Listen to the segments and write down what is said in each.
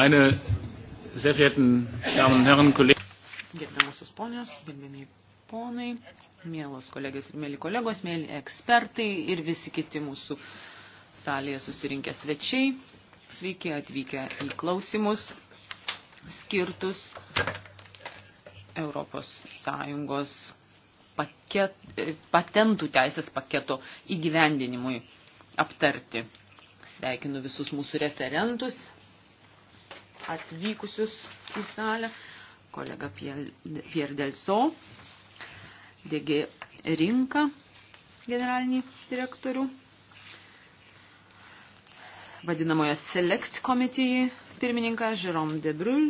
Meine sehr verehrten Damen und Herren, Kollegen. Gerbiamasis ponios, gerbiamiai ponai, mielos kolegės ir mėly kolegos, mėly ekspertai ir visi kiti mūsų salėje susirinkę svečiai. Sveiki atvykę į klausimus skirtus Europos Sąjungos paket, patentų teisės paketo įgyvendinimui aptarti. Sveikinu visus mūsų referentus, atvykusius į salę, kolega Pierre Delso, DG Rinka, generalinį direktorių, vadinamojo Select Committee pirmininką Jerome Debrul,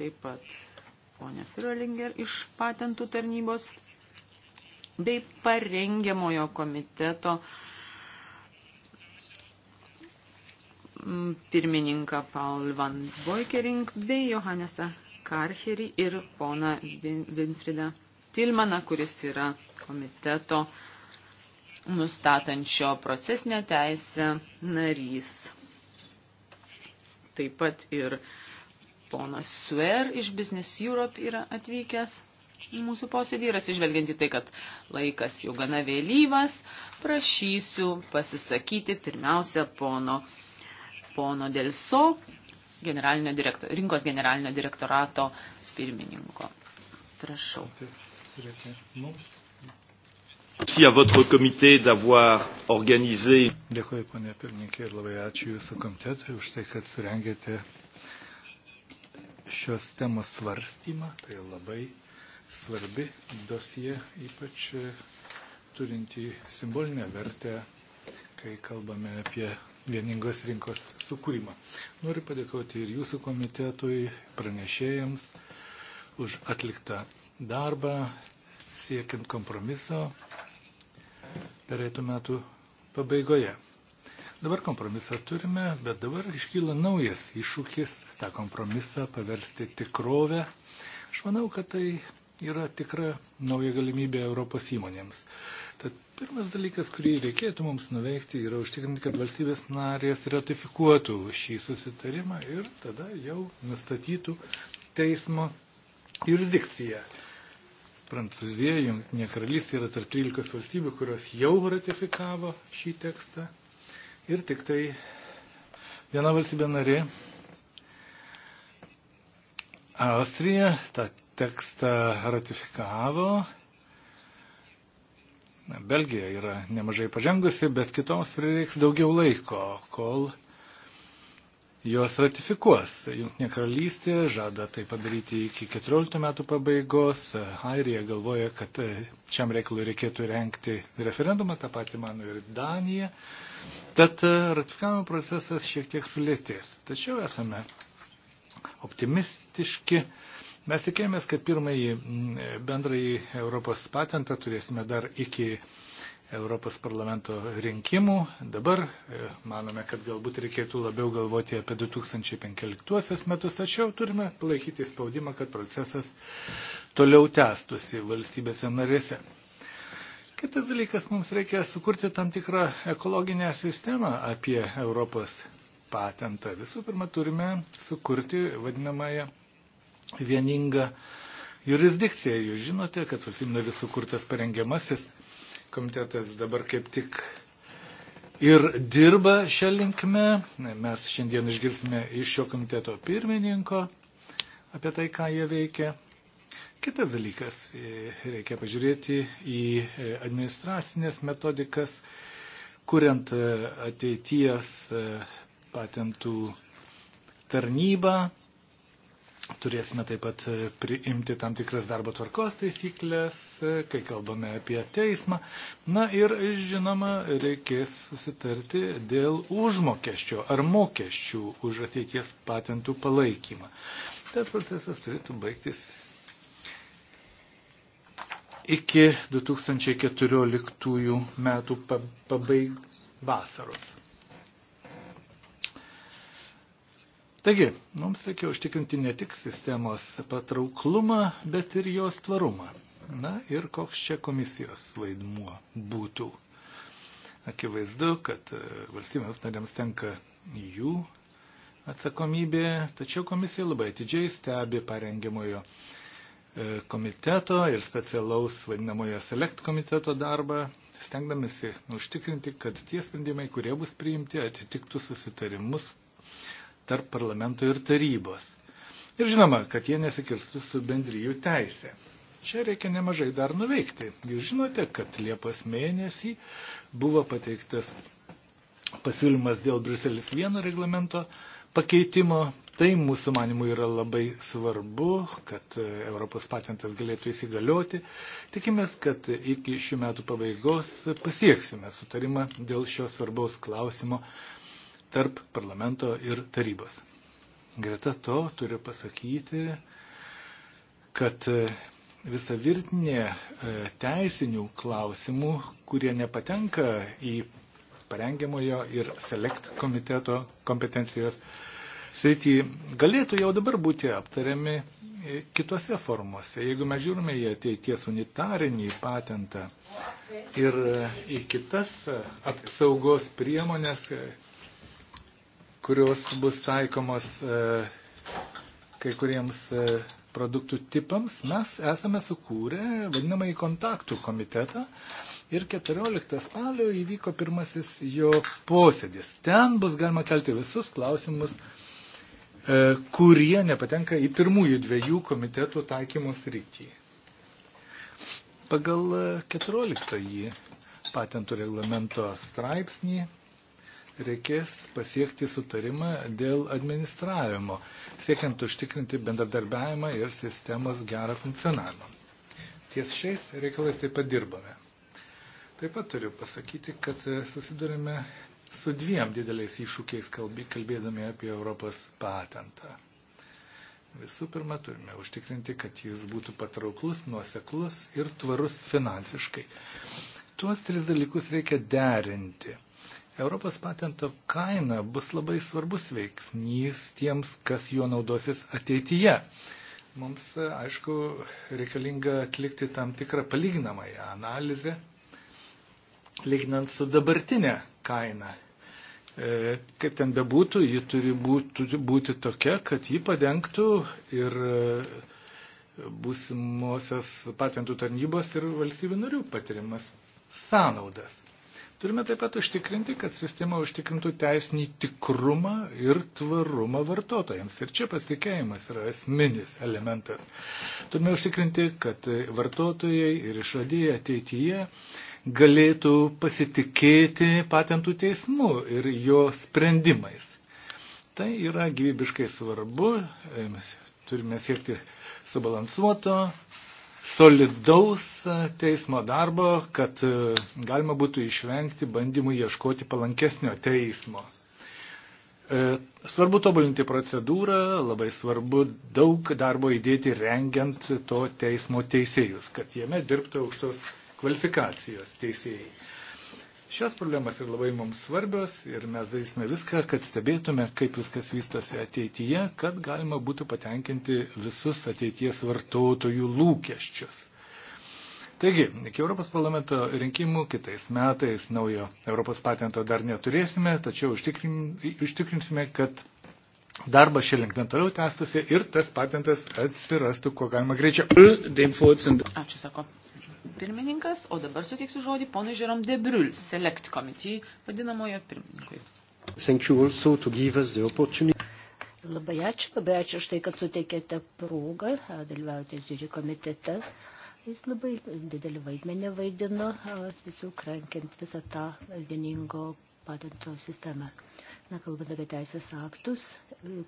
taip pat ponia Firolinger iš patentų tarnybos, bei parengiamojo komiteto uh, Mm, pirmininką Paul Van Boikering bei Johannesą Karcherį ir poną Winfriedą Tilmaną, kuris yra komiteto nustatančio procesinę teisę narys. Taip pat ir ponas Suer iš Business Europe yra atvykęs mūsų posėdį ir atsižvelgiant į tai, kad laikas jau gana vėlyvas, prašysiu pasisakyti pirmiausia pono pono Delso, generalinio direktor, rinkos generalinio direktorato pirmininko. Prašau. Merci à votre comité d'avoir organisé. Dėkuoju, ponė pirmininkė, ir labai ačiū Jūsų komitetui už tai, kad surengėte šios temos svarstymą. Tai labai svarbi dosie, ypač turinti simbolinę vertę, kai kalbame apie vieningos rinkos sukūrimą. Noriu padėkoti ir jūsų komitetui, pranešėjams už atliktą darbą, siekiant kompromiso pereitų metų pabaigoje. Dabar kompromisą turime, bet dabar iškyla naujas iššūkis tą kompromisą paversti tikrovę. Aš manau, kad tai yra tikra nauja galimybė Europos įmonėms. Tad pirmas dalykas, kurį reikėtų mums nuveikti, yra užtikrinti, kad valstybės narės ratifikuotų šį susitarimą ir tada jau nustatytų teismo jurisdikciją. Prancūzija, Junktinė karalystė yra tarp 13 valstybių, kurios jau ratifikavo šį tekstą. Ir tik tai viena valstybė narė, Austrija, tą tekstą ratifikavo Na, Belgija yra nemažai pažengusi, bet kitoms prireiks daugiau laiko, kol jos ratifikuos. Junktinė karalystė žada tai padaryti iki 14 metų pabaigos. Airija galvoja, kad šiam reikalui reikėtų renkti referendumą, tą patį mano ir Danija. Tad ratifikavimo procesas šiek tiek sulėtės. Tačiau esame optimistiški. Mes tikėjomės, kad pirmąjį mm, bendrąjį Europos patentą turėsime dar iki Europos parlamento rinkimų. Dabar e, manome, kad galbūt reikėtų labiau galvoti apie 2015 metus, tačiau turime palaikyti spaudimą, kad procesas toliau tęstusi valstybėse narėse. Kitas dalykas, mums reikia sukurti tam tikrą ekologinę sistemą apie Europos patentą. Visų pirma, turime sukurti vadinamąją vieningą jurisdikciją. Jūs žinote, kad Simneris sukurtas parengiamasis komitetas dabar kaip tik ir dirba šią linkmę. Mes šiandien išgirsime iš šio komiteto pirmininko apie tai, ką jie veikia. Kitas dalykas, reikia pažiūrėti į administracinės metodikas, kuriant ateities patentų tarnybą, Turėsime taip pat e, priimti tam tikras darbo tvarkos taisyklės, e, kai kalbame apie teismą. Na ir, žinoma, reikės susitarti dėl užmokesčio ar mokesčių už ateities patentų palaikymą. Tas procesas turėtų baigtis iki 2014 metų pabaig vasaros. Taigi, mums reikia užtikrinti ne tik sistemos patrauklumą, bet ir jos tvarumą. Na ir koks čia komisijos vaidmuo būtų. Akivaizdu, kad e, valstybėms narėms tenka jų atsakomybė, tačiau komisija labai atidžiai stebi parengiamojo e, komiteto ir specialaus vadinamojo select komiteto darbą, stengdamėsi užtikrinti, kad tie sprendimai, kurie bus priimti, atitiktų susitarimus, tarp parlamento ir tarybos. Ir žinoma, kad jie nesikirstų su bendryjų teisė. Čia reikia nemažai dar nuveikti. Jūs žinote, kad Liepos mėnesį buvo pateiktas pasiūlymas dėl Bruselis 1 reglamento pakeitimo. Tai mūsų manimų yra labai svarbu, kad e, Europos patentas galėtų įsigalioti. Tikimės, kad iki šių metų pabaigos pasieksime sutarimą dėl šios svarbaus klausimo tarp parlamento ir tarybos. Greta to turiu pasakyti, kad e, visa virtinė e, teisinių klausimų, kurie nepatenka į parengiamojo ir select komiteto kompetencijos sritį, galėtų jau dabar būti aptariami e, kitose formuose. Jeigu mes žiūrime į ateities unitarinį patentą ir į kitas apsaugos priemonės, kurios bus taikomos e, kai kuriems e, produktų tipams, mes esame sukūrę vadinamąjį kontaktų komitetą ir 14 spalio įvyko pirmasis jo posėdis. Ten bus galima kelti visus klausimus, e, kurie nepatenka į pirmųjų dviejų komitetų taikymos rytį. Pagal 14 patentų reglamento straipsnį reikės pasiekti sutarimą dėl administravimo, siekiant užtikrinti bendradarbiavimą ir sistemos gerą funkcionavimą. Ties šiais reikalais taip pat dirbame. Taip pat turiu pasakyti, kad susidurime su dviem dideliais iššūkiais kalbėdami apie Europos patentą. Visų pirma, turime užtikrinti, kad jis būtų patrauklus, nuoseklus ir tvarus finansiškai. Tuos tris dalykus reikia derinti Europos patento kaina bus labai svarbus veiksnys tiems, kas juo naudosis ateityje. Mums, aišku, reikalinga atlikti tam tikrą palyginamąją analizę, lyginant su dabartinė kaina e, kaip ten bebūtų, ji turi būti, turi būti tokia, kad ji padengtų ir e, būsimosios patentų tarnybos ir valstybių narių patiriamas sąnaudas. Turime taip pat užtikrinti, kad sistema užtikrintų teisinį tikrumą ir tvarumą vartotojams. Ir čia pasitikėjimas yra esminis elementas. Turime užtikrinti, kad vartotojai ir išradėjai ateityje galėtų pasitikėti patentų teismu ir jo sprendimais. Tai yra gyvybiškai svarbu. Turime siekti subalansuoto solidaus e, teismo darbo, kad e, galima būtų išvengti bandymų ieškoti palankesnio teismo. E, svarbu tobulinti procedūrą, labai svarbu daug darbo įdėti rengiant to teismo teisėjus, kad jame dirbtų aukštos kvalifikacijos teisėjai. Šios problemas yra labai mums svarbios ir mes darysime viską, kad stebėtume, kaip viskas vystosi ateityje, kad galima būtų patenkinti visus ateities vartotojų lūkesčius. Taigi, iki Europos parlamento rinkimų kitais metais naujo Europos patento dar neturėsime, tačiau užtikrin, užtikrinsime, kad darbas šia linkme toliau tęstusi ir tas patentas atsirastų kuo galima greičiau. Ačiū, sako pirmininkas, o dabar suteiksiu žodį ponui Žerom Debriul, Select Committee vadinamojo pirmininkui. Labai ačiū, labai ačiū už tai, kad suteikėte progą dalyvauti žiūri komitete. Jis labai didelį vaidmenį vaidino, visų krankint visą tą vieningo patento sistemą. Na, kalbant apie teisės aktus,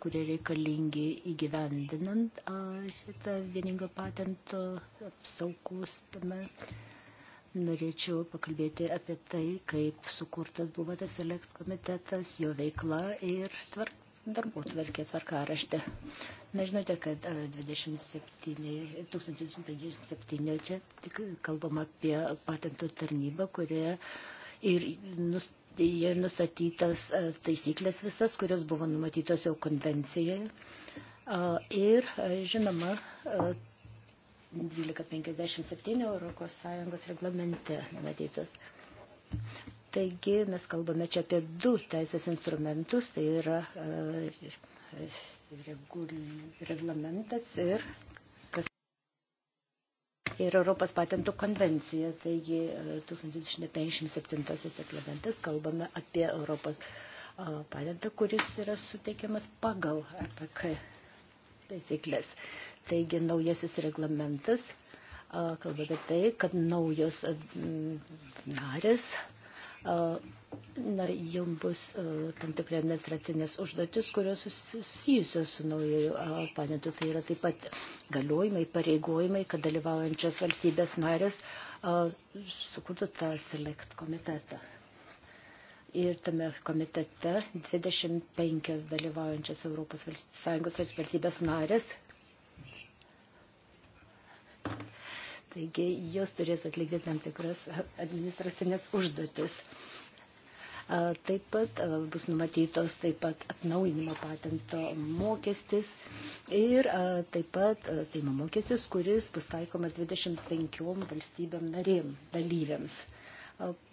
kurie reikalingi įgyvendinant šitą vieningą patento apsaugos tame, norėčiau pakalbėti apie tai, kaip sukurtas buvo tas elekt komitetas, jo veikla ir tvarka darbų tvarkė tvarkaraštė. Na, žinote, kad 27, 1057 čia tik kalbama apie patentų tarnybą, kurie ir nust Tai nustatytas e, taisyklės visas, kurios buvo numatytos jau konvencijoje. E, ir, e, žinoma, 1257 Europos Sąjungos reglamente numatytos. Taigi mes kalbame čia apie du teisės instrumentus, tai yra reglamentas ir ir Europos patentų konvencija. Taigi 1257 e, reglamentas kalbame apie Europos e, patentą, kuris yra suteikiamas pagal APK taisyklės. Taigi naujasis reglamentas e, kalba apie tai, kad naujos narės Na, jums bus tam tikrai administracinės užduotis, kurios susijusios su naujoju planetu. Tai yra taip pat galiojimai, pareigojimai, kad dalyvaujančias valstybės narės sukurtų tą select komitetą. Ir tame komitete 25 dalyvaujančias Europos Sąjungos valstybės narės Taigi jos turės atlikti tam tikras administracinės užduotis. Taip pat bus numatytos taip pat atnaujinimo patento mokestis ir taip pat teimo mokestis, kuris bus taikoma 25 valstybėm narėm dalyviams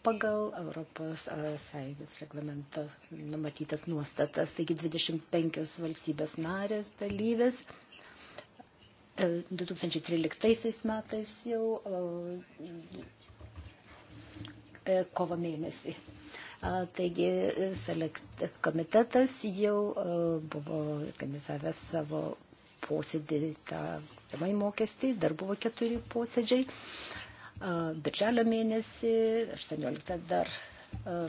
pagal Europos Sąjungos reglamento numatytas nuostatas. Taigi 25 valstybės narės dalyvės 2013 metais jau e, e, kovo mėnesį. Taigi e, selekt komitetas jau buvo organizavęs savo posėdį tą pirmąjį mokestį, dar buvo keturi posėdžiai. Birželio mėnesį, 18 dar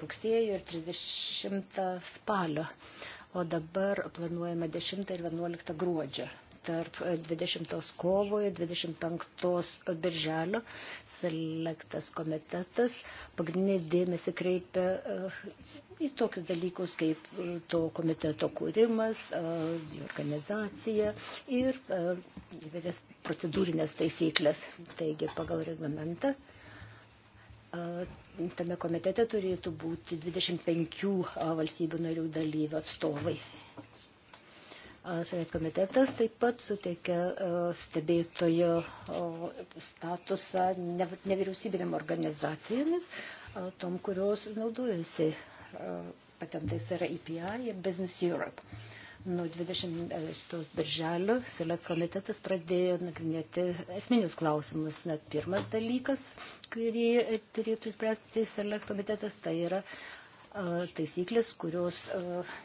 rugsėjo ir 30 spalio, o dabar planuojama 10 ir 11 gruodžio tarp 20 kovo ir 25 birželio selektas komitetas pagrindinį dėmesį kreipia e, į tokius dalykus kaip e, to komiteto kūrimas, e, organizacija ir įvairias procedūrinės taisyklės. Taigi pagal reglamentą tame komitete turėtų būti 25 valstybių narių dalyvių atstovai. Senat komitetas taip pat suteikia e, stebėtojo statusą nevyriausybinėm organizacijomis, e, tom, kurios naudojasi e, patentais, tai yra EPI ir Business Europe. Nuo 20 birželio Select komitetas pradėjo nagrinėti esminius klausimus. Net pirmas dalykas, kurį turėtų išspręsti Select komitetas, tai yra uh, taisyklės, kurios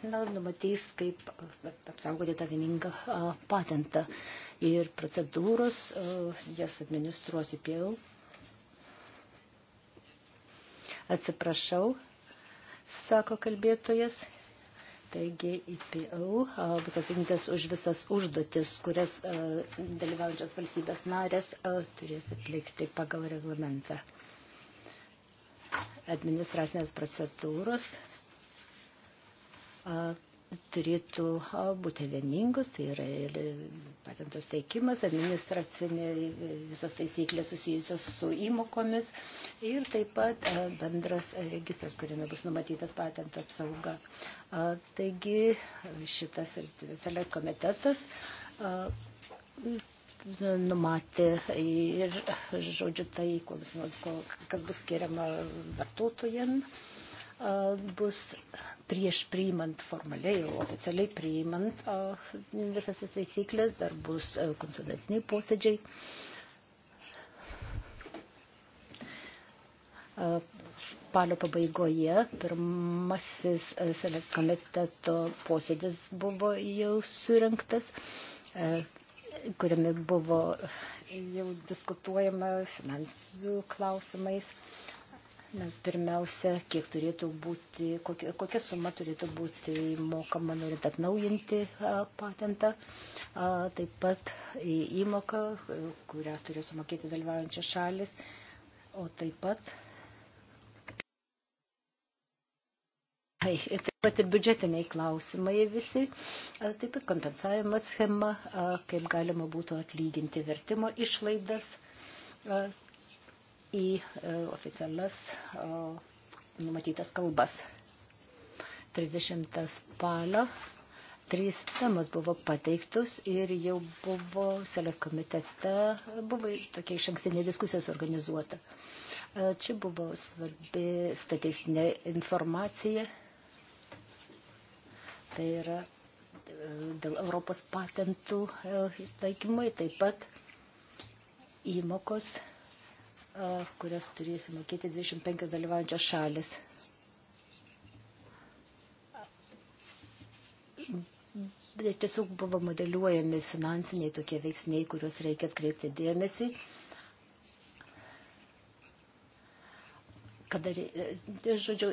na, numatys, kaip apsaugoti tą vieningą patentą. Ir procedūros jas administruos IPL. Atsiprašau, sako kalbėtojas. Taigi IPL bus atsakingas už visas užduotis, kurias dalyvaujančias valstybės narės turės atlikti pagal reglamentą administracinės procedūros turėtų būti vieningos, tai yra ir patentos teikimas, administracinė visos taisyklės susijusios su įmokomis ir taip pat bendras registras, kuriame bus numatytas patento apsauga. Taigi šitas komitetas numatė ir, žodžiu, tai, kas bus skiriama vartotojam, bus prieš priimant formaliai, oficialiai priimant visas taisyklės, dar bus konsultaciniai posėdžiai. spalio pabaigoje pirmasis komiteto posėdis buvo jau surinktas kuriame buvo jau diskutuojama finansų klausimais. Na, pirmiausia, kiek turėtų būti, kokia, kokia suma turėtų būti mokama norint atnaujinti a, patentą, a, taip pat įmoka, kurią turi sumokėti dalyvaujančias šalis, o taip pat. Ai, tai pat ir biudžetiniai klausimai visi, taip pat kompensavimo schema, kaip galima būtų atlyginti vertimo išlaidas į e, oficialias numatytas kalbas. 30 spalio trys temos buvo pateiktus ir jau buvo selek komitete, buvo tokia iš ankstinė diskusija suorganizuota. Čia buvo svarbi statistinė informacija Tai yra e, dėl Europos patentų e, taikymai taip pat įmokos, e, kurias turės mokėti 25 dalyvaujančios šalis. Bet tiesiog buvo modeliuojami finansiniai tokie veiksniai, kuriuos reikia atkreipti dėmesį kada, e, žodžiu,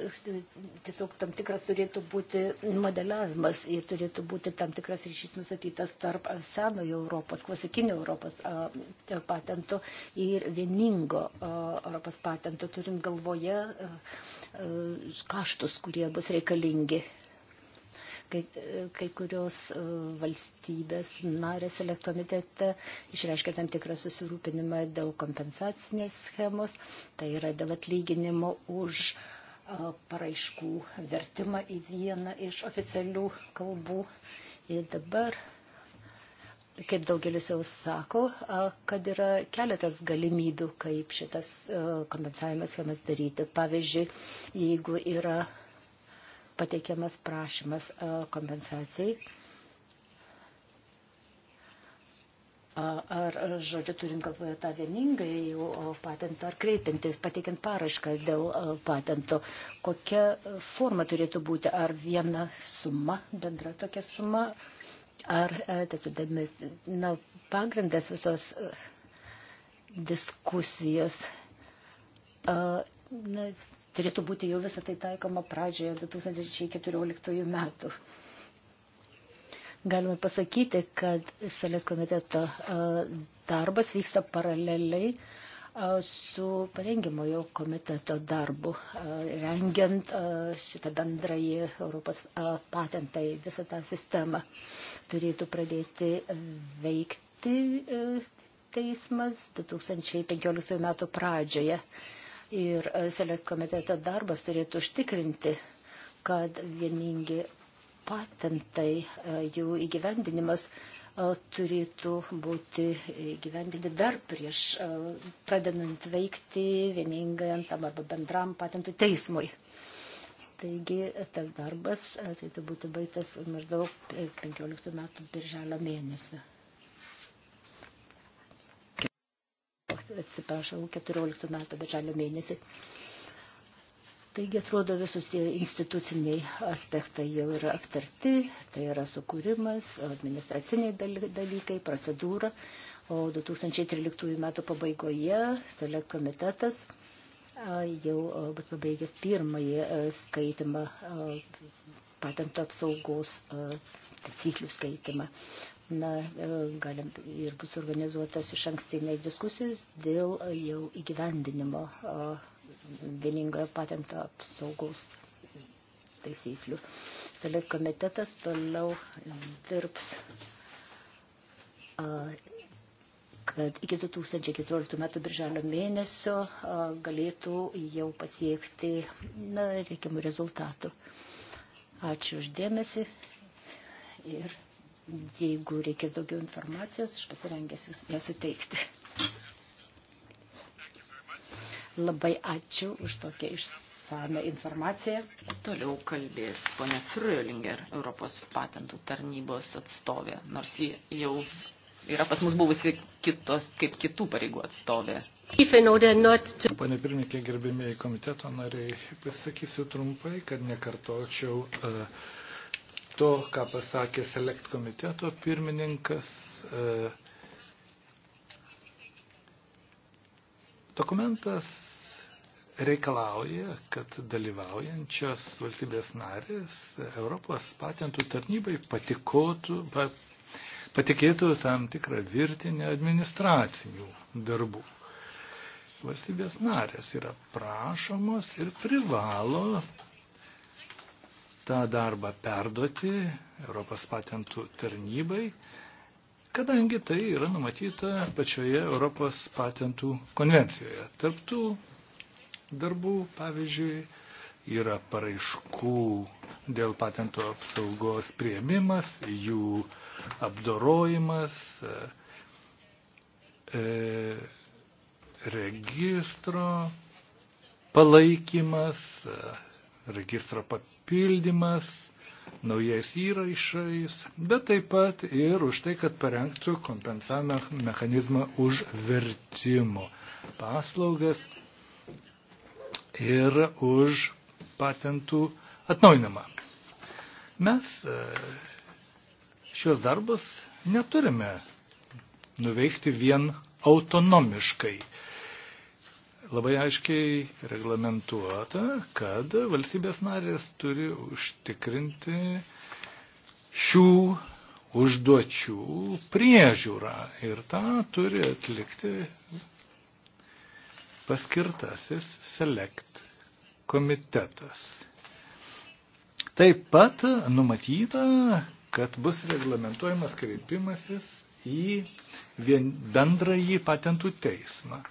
tiesiog tam tikras turėtų būti modeliavimas ir turėtų būti tam tikras ryšys nustatytas tarp senojo Europos, klasikinio Europos a, e, patento ir vieningo a, Europos patento, turint galvoje a, a, kaštus, kurie bus reikalingi Kai, kai kurios e, valstybės narės elektromitete išreiškia tam tikrą susirūpinimą dėl kompensacinės schemos, tai yra dėl atlyginimo už e, paraiškų vertimą į vieną iš oficialių kalbų. Ir dabar kaip daugelis jau sako, e, kad yra keletas galimybių, kaip šitas kompensavimas schemas daryti. Pavyzdžiui, jeigu yra pateikiamas prašymas e, kompensacijai. Ar, žodžiu, turint galvoje tą vieningai patentą, ar kreipiantis, pateikiant parašką dėl e, patento, kokia forma turėtų būti, ar viena suma, bendra tokia suma, ar, e, tiesiog, na, pagrindas visos diskusijos na, Turėtų būti jau visą tai taikoma pradžioje 2014 metų. Galime pasakyti, kad Selėt komiteto darbas vyksta paraleliai su parengimojo komiteto darbu, rengiant šitą bendrąjį Europos patentą į visą tą sistemą. Turėtų pradėti veikti e, teismas 2015 metų pradžioje. Ir e, selekt komiteto darbas turėtų užtikrinti, kad vieningi patentai, e, jų įgyvendinimas e, turėtų būti įgyvendinti dar prieš pradedant veikti vieningajam tam arba bendram patentų teismui. Taigi tas darbas turėtų būti baigtas maždaug 15 metų birželio mėnesio. atsiprašau, 14 metų birželio mėnesį. Taigi atrodo visus tie instituciniai aspektai jau yra aptarti, tai yra sukūrimas, administraciniai dalykai, procedūra, o 2013 metų pabaigoje selekt komitetas jau bus pabaigęs pirmąjį skaitimą, patento apsaugos taisyklių skaitimą na, e, galim ir bus organizuotas iš ankstinės diskusijos dėl jau įgyvendinimo vieningojo patento apsaugos taisyklių. Select komitetas toliau dirbs, kad iki 2014 metų birželio mėnesio galėtų jau pasiekti na, reikimų rezultatų. Ačiū uždėmesi ir Jeigu reikės daugiau informacijos, aš pasirengęs jūs ją suteikti. Labai ačiū už tokią išsame informaciją. Toliau kalbės ponė Frölinger, Europos patentų tarnybos atstovė, nors ji jau yra pas mus buvusi kitos, kaip kitų pareigų atstovė. To... Pane pirmininkė, gerbėmėjai komiteto nariai, pasakysiu trumpai, kad nekartočiau uh, to, ką pasakė Select komiteto pirmininkas. E, dokumentas reikalauja, kad dalyvaujančios valstybės narės Europos patentų tarnybai patikotų, patikėtų tam tikrą virtinę administracinių darbų. Valstybės narės yra prašomos ir privalo tą darbą perduoti Europos patentų tarnybai, kadangi tai yra numatyta pačioje Europos patentų konvencijoje. Tarptų darbų, pavyzdžiui, yra paraiškų dėl patento apsaugos prieimimas, jų apdorojimas, e, e registro palaikymas, e, registro pildymas, naujais įrašais, bet taip pat ir už tai, kad parengtų kompensavimo mechanizmą už vertimo paslaugas ir už patentų atnaujinimą. Mes e, šios darbus neturime nuveikti vien autonomiškai labai aiškiai reglamentuota, kad valstybės narės turi užtikrinti šių užduočių priežiūrą ir tą turi atlikti paskirtasis select komitetas. Taip pat numatyta, kad bus reglamentuojamas kreipimasis į vien, bendrąjį patentų teismą.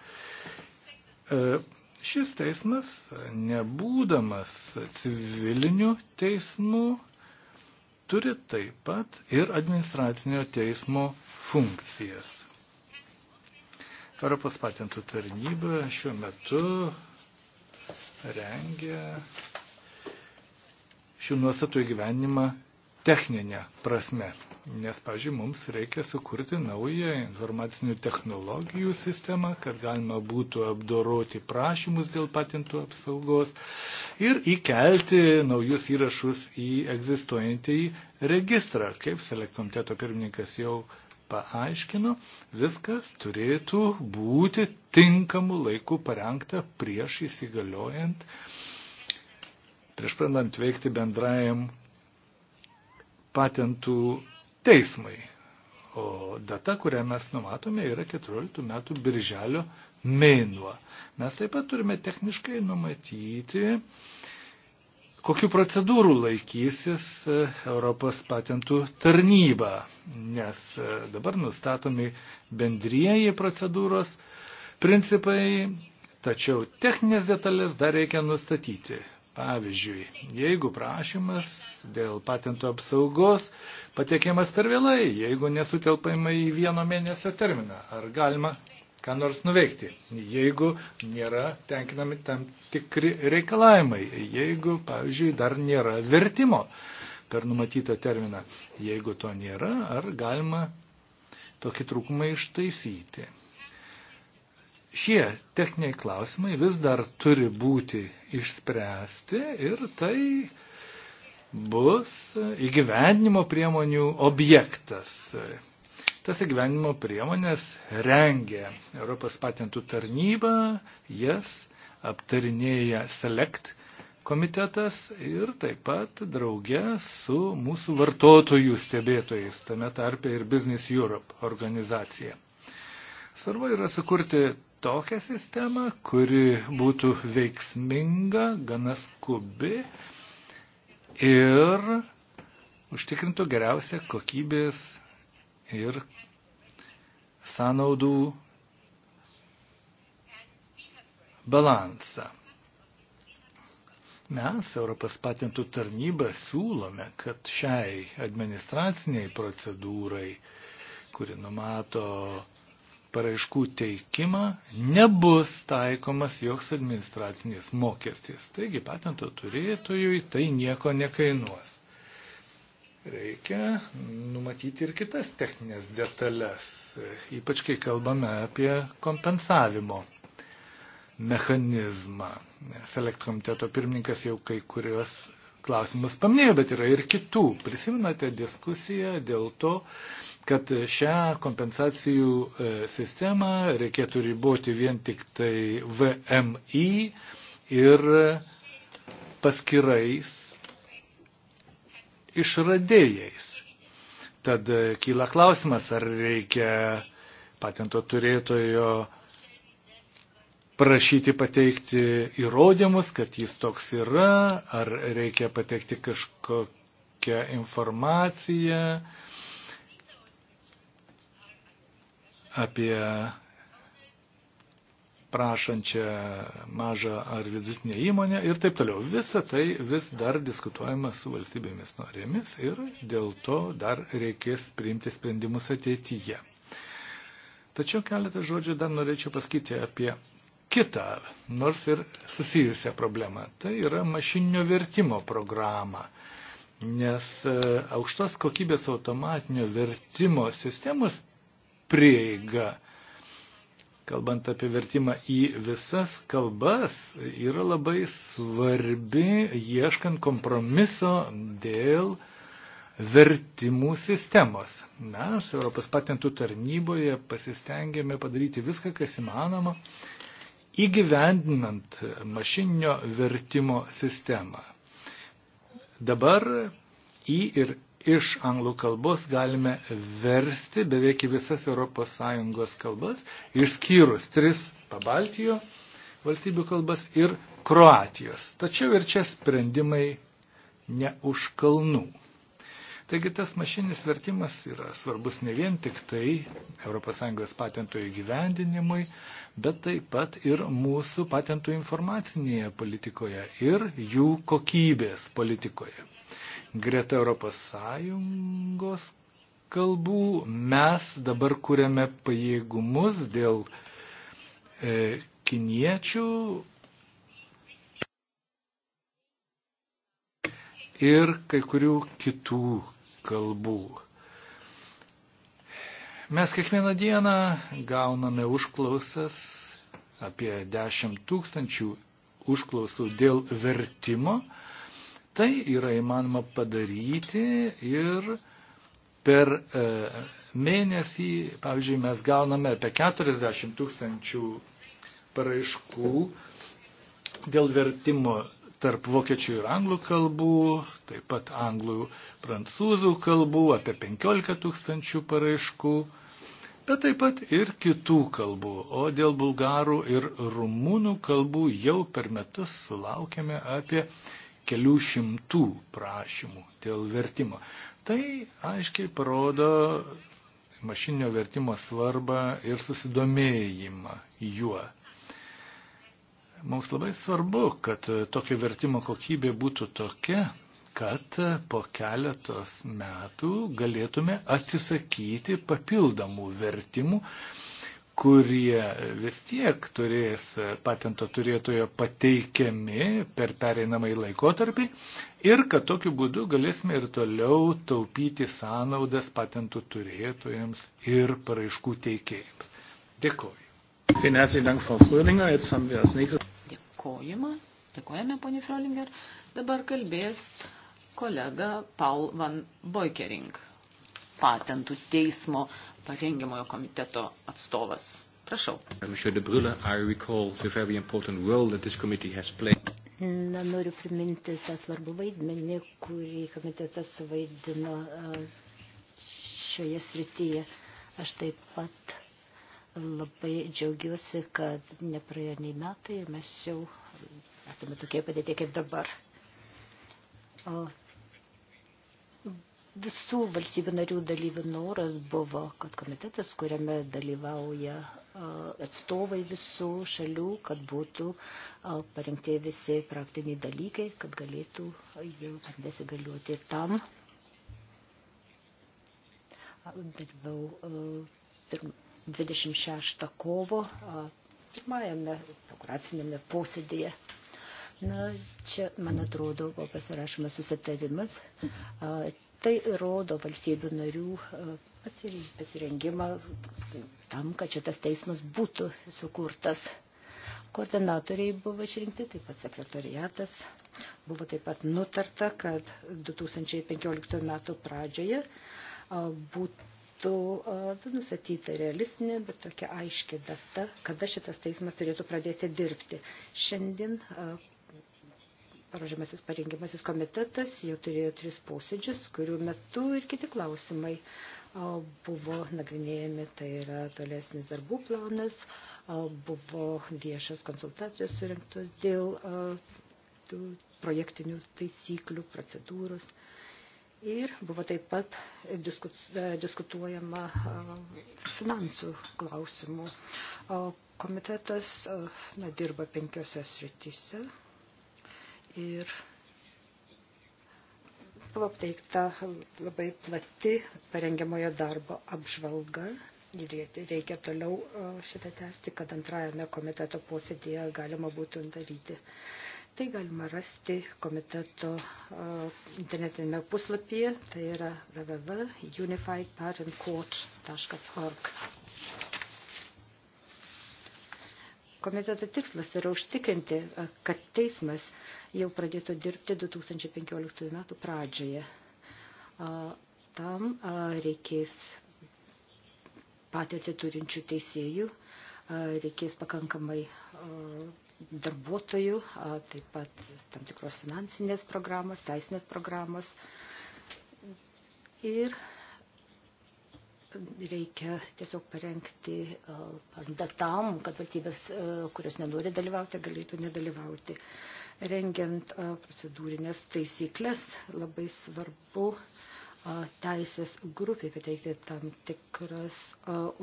E, šis teismas, nebūdamas civiliniu teismu, turi taip pat ir administracinio teismo funkcijas. Europos patentų tarnyba šiuo metu rengia šių nuostatų įgyvenimą techninę prasme. Nes, pažiūrėjau, mums reikia sukurti naują informacinių technologijų sistemą, kad galima būtų apdoroti prašymus dėl patentų apsaugos ir įkelti naujus įrašus į egzistuojantį registrą. Kaip selektomiteto pirmininkas jau paaiškino, viskas turėtų būti tinkamu laiku parengta prieš įsigaliojant, prieš pradant veikti bendrajam patentų teismai. O data, kurią mes numatome, yra 14 metų birželio mėnuo. Mes taip pat turime techniškai numatyti, kokiu procedūrų laikysis e, Europos patentų tarnyba, nes e, dabar nustatomi bendrieji procedūros principai, tačiau techninės detalės dar reikia nustatyti. Pavyzdžiui, jeigu prašymas dėl patento apsaugos patiekiamas per vėlai, jeigu nesutelpama į vieno mėnesio terminą, ar galima ką nors nuveikti, jeigu nėra tenkinami tam tikri reikalavimai, jeigu, pavyzdžiui, dar nėra vertimo per numatytą terminą, jeigu to nėra, ar galima tokį trūkumą ištaisyti. Šie techniniai klausimai vis dar turi būti išspręsti ir tai bus įgyvendinimo priemonių objektas. Tas įgyvendinimo priemonės rengia Europos patentų tarnyba, jas aptarinėja SELECT komitetas ir taip pat drauge su mūsų vartotojų stebėtojais, tame tarpe ir Business Europe organizacija. Svarbu yra sukurti tokią sistemą, kuri būtų veiksminga, gana skubi ir užtikrintų geriausią kokybės ir sąnaudų balansą. Mes, Europos patentų tarnyba, siūlome, kad šiai administraciniai procedūrai, kuri numato paraiškų teikimą nebus taikomas joks administracinės mokestis. Taigi patento turėtojui tai nieko nekainuos. Reikia numatyti ir kitas techninės detalės, ypač kai kalbame apie kompensavimo mechanizmą. Selekt komiteto pirmininkas jau kai kurios klausimus paminėjau, bet yra ir kitų. Prisiminate diskusiją dėl to, kad šią kompensacijų e, sistemą reikėtų riboti vien tik tai VMI ir paskirais išradėjais. Tad e, kyla klausimas, ar reikia patento turėtojo prašyti pateikti įrodymus, kad jis toks yra, ar reikia pateikti kažkokią informaciją apie prašančią mažą ar vidutinę įmonę ir taip toliau. Visa tai vis dar diskutuojama su valstybėmis norėmis ir dėl to dar reikės priimti sprendimus ateityje. Tačiau keletą žodžių dar norėčiau pasakyti apie kitą, nors ir susijusią problemą. Tai yra mašininio vertimo programa. Nes e, aukštos kokybės automatinio vertimo sistemos prieiga, kalbant apie vertimą į visas kalbas, yra labai svarbi ieškant kompromiso dėl vertimų sistemos. Mes Europos patentų tarnyboje pasistengėme padaryti viską, kas įmanoma, įgyvendinant mašininio vertimo sistemą. Dabar į ir iš anglų kalbos galime versti beveik į visas ES kalbas, išskyrus tris pabaltijo valstybių kalbas ir Kroatijos. Tačiau ir čia sprendimai ne už kalnų. Taigi tas mašininis vertimas yra svarbus ne vien tik tai ES patento įgyvendinimui, bet taip pat ir mūsų patentų informacinėje politikoje ir jų kokybės politikoje. Greta ES kalbų mes dabar kuriame pajėgumus dėl e, kiniečių ir kai kurių kitų kalbų. Mes kiekvieną dieną gauname užklausas apie 10 tūkstančių užklausų dėl vertimo. Tai yra įmanoma padaryti ir per e, mėnesį, pavyzdžiui, mes gauname apie 40 tūkstančių paraiškų dėl vertimo tarp vokiečių ir anglų kalbų, taip pat anglų prancūzų kalbų, apie 15 tūkstančių paraiškų, bet taip pat ir kitų kalbų. O dėl bulgarų ir rumunų kalbų jau per metus sulaukėme apie kelių šimtų prašymų dėl vertimo. Tai aiškiai parodo mašinio vertimo svarbą ir susidomėjimą juo. Mums labai svarbu, kad tokio vertimo kokybė būtų tokia, kad po keletos metų galėtume atsisakyti papildomų vertimų, kurie vis tiek turės patento turėtojo pateikiami per pereinamąjį laikotarpį ir kad tokiu būdu galėsime ir toliau taupyti sąnaudas patentų turėtojams ir paraiškų teikėjams. Dėkuoju. Dėkojama. Dėkojame, ponė Frolinger. Dabar kalbės kolega Paul van Boikering, patentų teismo parengimojo komiteto atstovas. Prašau. Brille, Na, noriu priminti tą svarbų vaidmenį, kurį komitetas suvaidino šioje srityje. Aš taip pat Labai džiaugiuosi, kad nepraėjo nei metai ir mes jau esame tokie padėtie kaip dabar. O visų valstybių narių dalyvių noras buvo, kad komitetas, kuriame dalyvauja atstovai visų šalių, kad būtų parengti visi praktiniai dalykai, kad galėtų jau nesigaliuoti tam. Dalyvau pirmą 26 kovo pirmajame inauguracinėme posėdėje. Na, čia, man atrodo, buvo pasirašomas susitarimas. Tai rodo valstybių narių pasirengimą tam, kad šitas teismas būtų sukurtas. Koordinatoriai buvo išrinkti, taip pat sekretariatas. Buvo taip pat nutarta, kad 2015 metų pradžioje būtų būtų nu, nusatyta realistinė, bet tokia aiški data, kada šitas teismas turėtų pradėti dirbti. Šiandien paruožiamasis parengimasis komitetas jau turėjo tris posėdžius, kurių metu ir kiti klausimai buvo nagrinėjami, tai yra tolesnis darbų planas, buvo viešas konsultacijos surinktos dėl projektinių taisyklių, procedūros. Uh, Ir buvo taip pat diskutuojama e, finansų klausimų. Komitetas e, na, dirba penkiose srityse ir buvo pateikta labai plati parengiamojo darbo apžvalga. Ir reikia toliau e, šitą tęsti, kad antrajame komiteto posėdėje galima būtų daryti uh, Tai galima rasti komiteto internetinėme puslapyje, tai yra www.unifiedparentcourt.org. Komiteto tikslas yra užtikrinti, kad teismas jau pradėtų dirbti 2015 metų pradžioje. Tam reikės patirtį turinčių teisėjų, reikės pakankamai darbuotojų, taip pat tam tikros finansinės programos, teisinės programos. Ir reikia tiesiog parengti datam, kad valstybės, kurios nenori dalyvauti, galėtų nedalyvauti. Rengiant procedūrinės taisyklės labai svarbu teisės grupiai pateikti tam tikras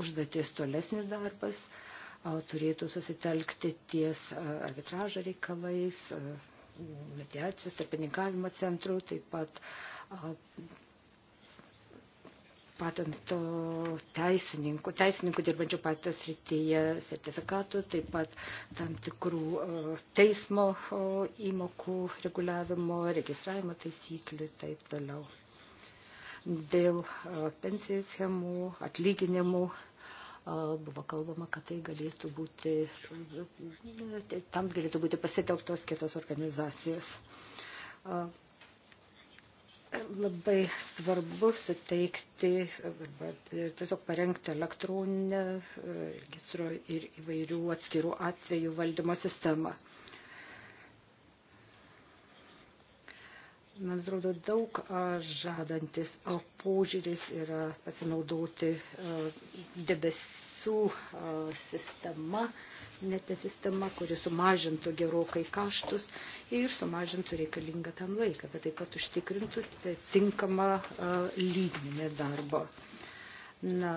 užduotis tolesnis darbas. A, turėtų susitelkti ties arbitražo reikalais, mediacijos, tarpininkavimo centrų, taip pat patento teisininkų, teisininkų dirbančių patento srityje sertifikatų, taip pat tam tikrų teismo įmokų reguliavimo, registravimo taisyklių ir taip toliau. Dėl pensijų schemų, atlyginimų buvo kalbama, kad tai galėtų būti, e, tam galėtų būti pasitelktos kitos organizacijos. Labai svarbu suteikti, arba e, tiesiog parengti elektroninę e, registro ir įvairių atskirų atvejų valdymo sistemą. Man atrodo, daug žadantis požiūris yra pasinaudoti debesų sistema, netė sistema, kuri sumažintų gerokai kaštus ir sumažintų reikalingą tam laiką, bet taip pat užtikrintų tinkamą lygmenį darbo. Na,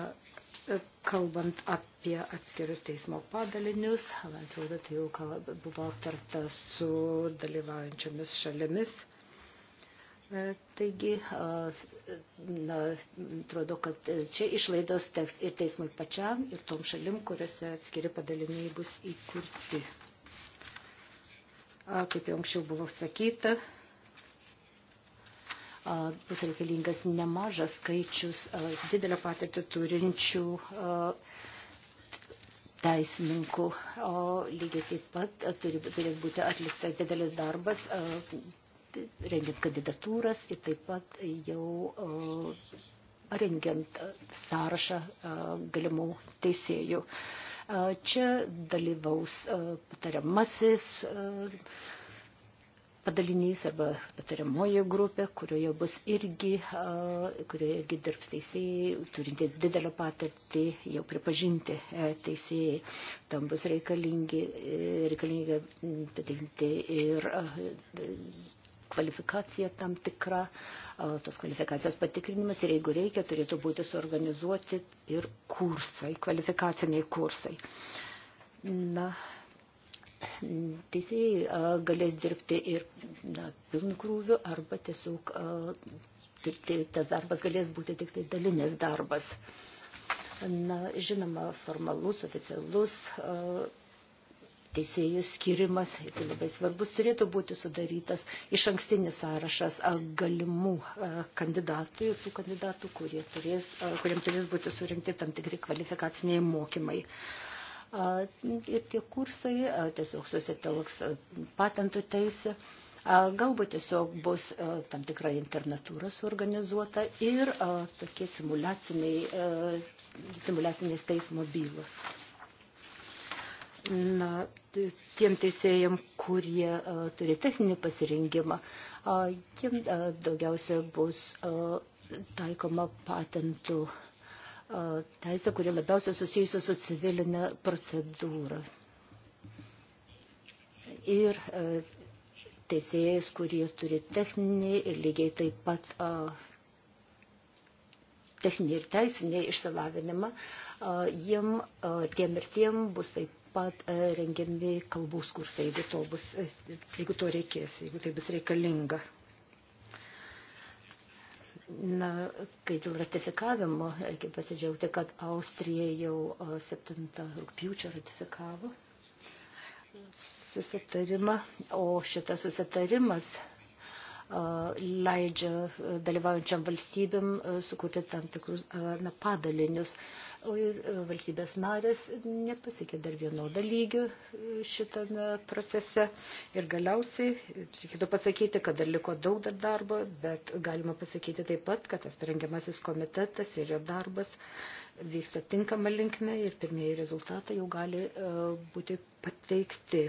e, kalbant apie atskirus teismo padalinius, man atrodo, tai jau buvo aptarta su dalyvaujančiomis šalimis E, taigi, e, na, atrodo, kad čia išlaidos teks ir teismui pačiam, ir tom šalim, kuriuose atskiri padaliniai bus įkurti. Kaip jau anksčiau buvo sakyta, bus reikalingas nemažas skaičius didelę patirtį turinčių teisininkų. O lygiai taip pat turi, turės būti atliktas didelis darbas rengiant kandidatūras ir taip pat jau rengiant sąrašą galimų teisėjų. Čia dalyvaus patariamasis padalinys arba patariamoji grupė, kurioje bus irgi, kurioje irgi dirbs teisėjai, turintys didelę patirtį, jau pripažinti e, teisėjai. Tam bus reikalingi, reikalingi patinti ir kvalifikacija tam tikra, tos kvalifikacijos patikrinimas ir jeigu reikia, turėtų būti suorganizuoti ir kursai, kvalifikaciniai kursai. Na, teisėjai galės dirbti ir na, pilnu krūviu arba tiesiog dirbti, tas darbas galės būti tik tai dalinis darbas. Na, žinoma, formalus, oficialus teisėjų skirimas, tai labai svarbus, turėtų būti sudarytas iš ankstinis sąrašas galimų kandidatų, tų kandidatų, kurie turės, kuriam turės būti surinkti tam tikri kvalifikaciniai mokymai. Ir tie kursai tiesiog susitelks patentų teisė. Galbūt tiesiog bus tam tikra internatūra suorganizuota ir tokie simulacinės teismo bylos. Na, tiem teisėjim, kurie a, e, turi techninį pasirinkimą, a, jiem a, e, daugiausia bus a, e, taikoma patentų a, teisė, kuri labiausiai susijusi su civilinė procedūra. Ir a, teisėjais, kurie turi techninį ir lygiai taip pat a, techninį ir teisinį išsilavinimą, a, jiem, a, tiem ir tiem bus taip pat e, rengiami kalbos kursai, jeigu to, bus, e, jeigu to reikės, jeigu tai bus reikalinga. Na, kai dėl ratifikavimo, reikia pasidžiaugti, kad Austrija jau 7 e, rūpjūčio ratifikavo susitarimą, o šitas susitarimas leidžia dalyvaujančiam valstybėm sukurti tam tikrus na, padalinius o ir e, valstybės narės nepasiekė dar vienodą lygį e, šitame procese. Ir galiausiai, reikėtų pasakyti, kad dar liko daug dar darbo, bet galima pasakyti taip pat, kad tas rengiamasis komitetas ir jo darbas vyksta tinkama linkme ir pirmieji rezultatai jau gali e, būti pateikti.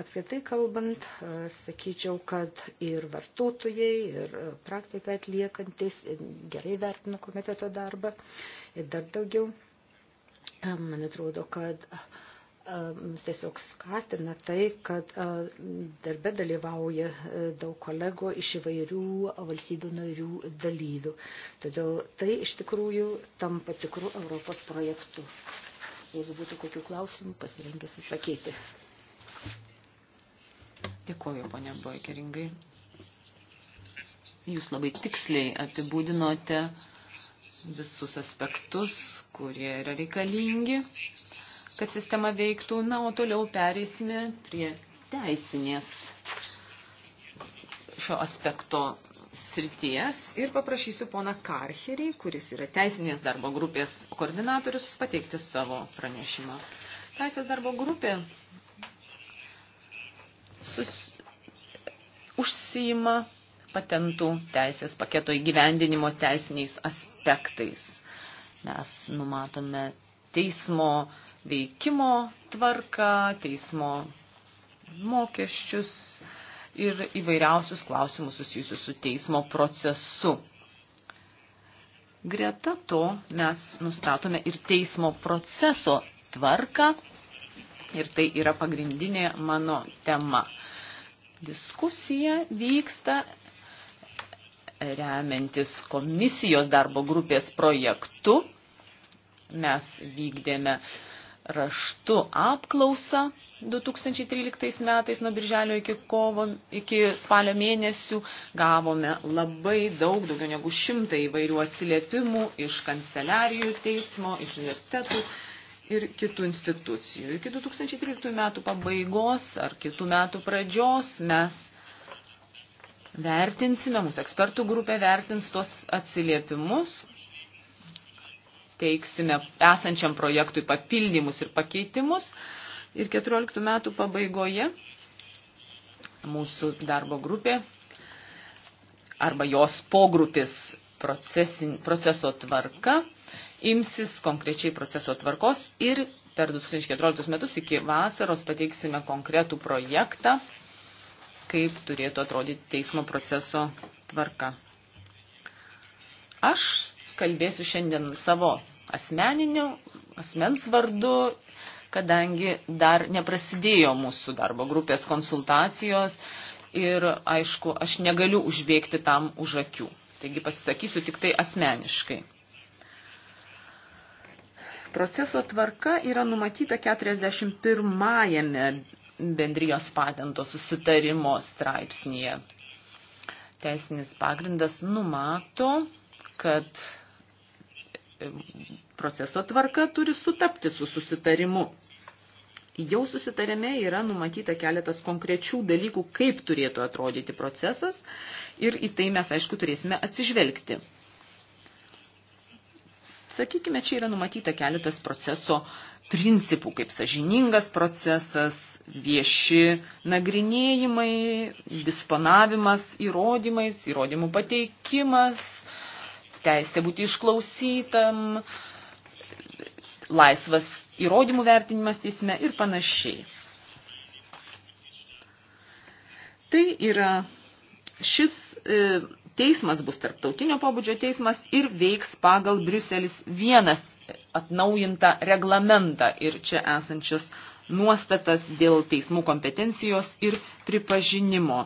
Apskritai kalbant, e, sakyčiau, kad ir vartotojai, ir e, praktikai atliekantis gerai vertina komiteto darbą ir dar daugiau. Man atrodo, kad mus tiesiog skatina tai, kad darbe dalyvauja daug kolego iš įvairių valstybių narių dalyvių. Todėl tai iš tikrųjų tampa tikrų Europos projektų. Jeigu būtų kokių klausimų, pasirengęs atsakyti. Dėkuoju, ponia Boikeringai. Jūs labai tiksliai apibūdinote visus aspektus, kurie yra reikalingi kad sistema veiktų. Na, o toliau pereisime prie teisinės šio aspekto srities ir paprašysiu pona Karcherį, kuris yra teisinės darbo grupės koordinatorius, pateikti savo pranešimą. Teisės darbo grupė sus... užsijima patentų teisės paketo įgyvendinimo teisiniais aspektais. Mes numatome teismo uh, veikimo tvarką, teismo mokesčius ir įvairiausius klausimus susijusius su teismo procesu. Greta to mes nustatome ir teismo proceso tvarką ir tai yra pagrindinė mano tema. Diskusija vyksta remiantis komisijos darbo grupės projektu. Mes vykdėme uh, raštu apklausą 2013 metais nuo birželio iki, kovo, iki spalio mėnesių. Gavome labai daug, daugiau negu šimtą įvairių atsiliepimų iš kanceliarijų teismo, iš universitetų ir kitų institucijų. Iki 2013 metų pabaigos ar kitų metų pradžios mes vertinsime, mūsų ekspertų grupė vertins tos atsiliepimus teiksime esančiam projektui papildymus ir pakeitimus. Ir 14 metų pabaigoje mūsų darbo grupė arba jos pogrupis procesin, proceso tvarka imsis konkrečiai proceso tvarkos ir per 2014 metus iki vasaros pateiksime konkretų projektą, kaip turėtų atrodyti teismo proceso tvarka. Aš kalbėsiu šiandien savo asmeniniu, asmens vardu, kadangi dar neprasidėjo mūsų darbo grupės konsultacijos ir, aišku, aš negaliu užbėgti tam už akių. Taigi pasisakysiu tik tai asmeniškai. Proceso tvarka yra numatyta 41-ame bendrijos patento susitarimo straipsnėje. Teisinis pagrindas numato, kad proceso tvarka turi sutapti su susitarimu. Jau susitarime yra numatyta keletas konkrečių dalykų, kaip turėtų atrodyti procesas ir į tai mes, aišku, turėsime atsižvelgti. Sakykime, čia yra numatyta keletas proceso principų, kaip sažiningas procesas, vieši nagrinėjimai, disponavimas įrodymais, įrodymų pateikimas, teisė būti išklausytam, laisvas įrodymų vertinimas teisme ir panašiai. Tai yra šis e, teismas bus tarptautinio pobūdžio teismas ir veiks pagal Briuselis vienas atnaujintą reglamentą ir čia esančias nuostatas dėl teismų kompetencijos ir pripažinimo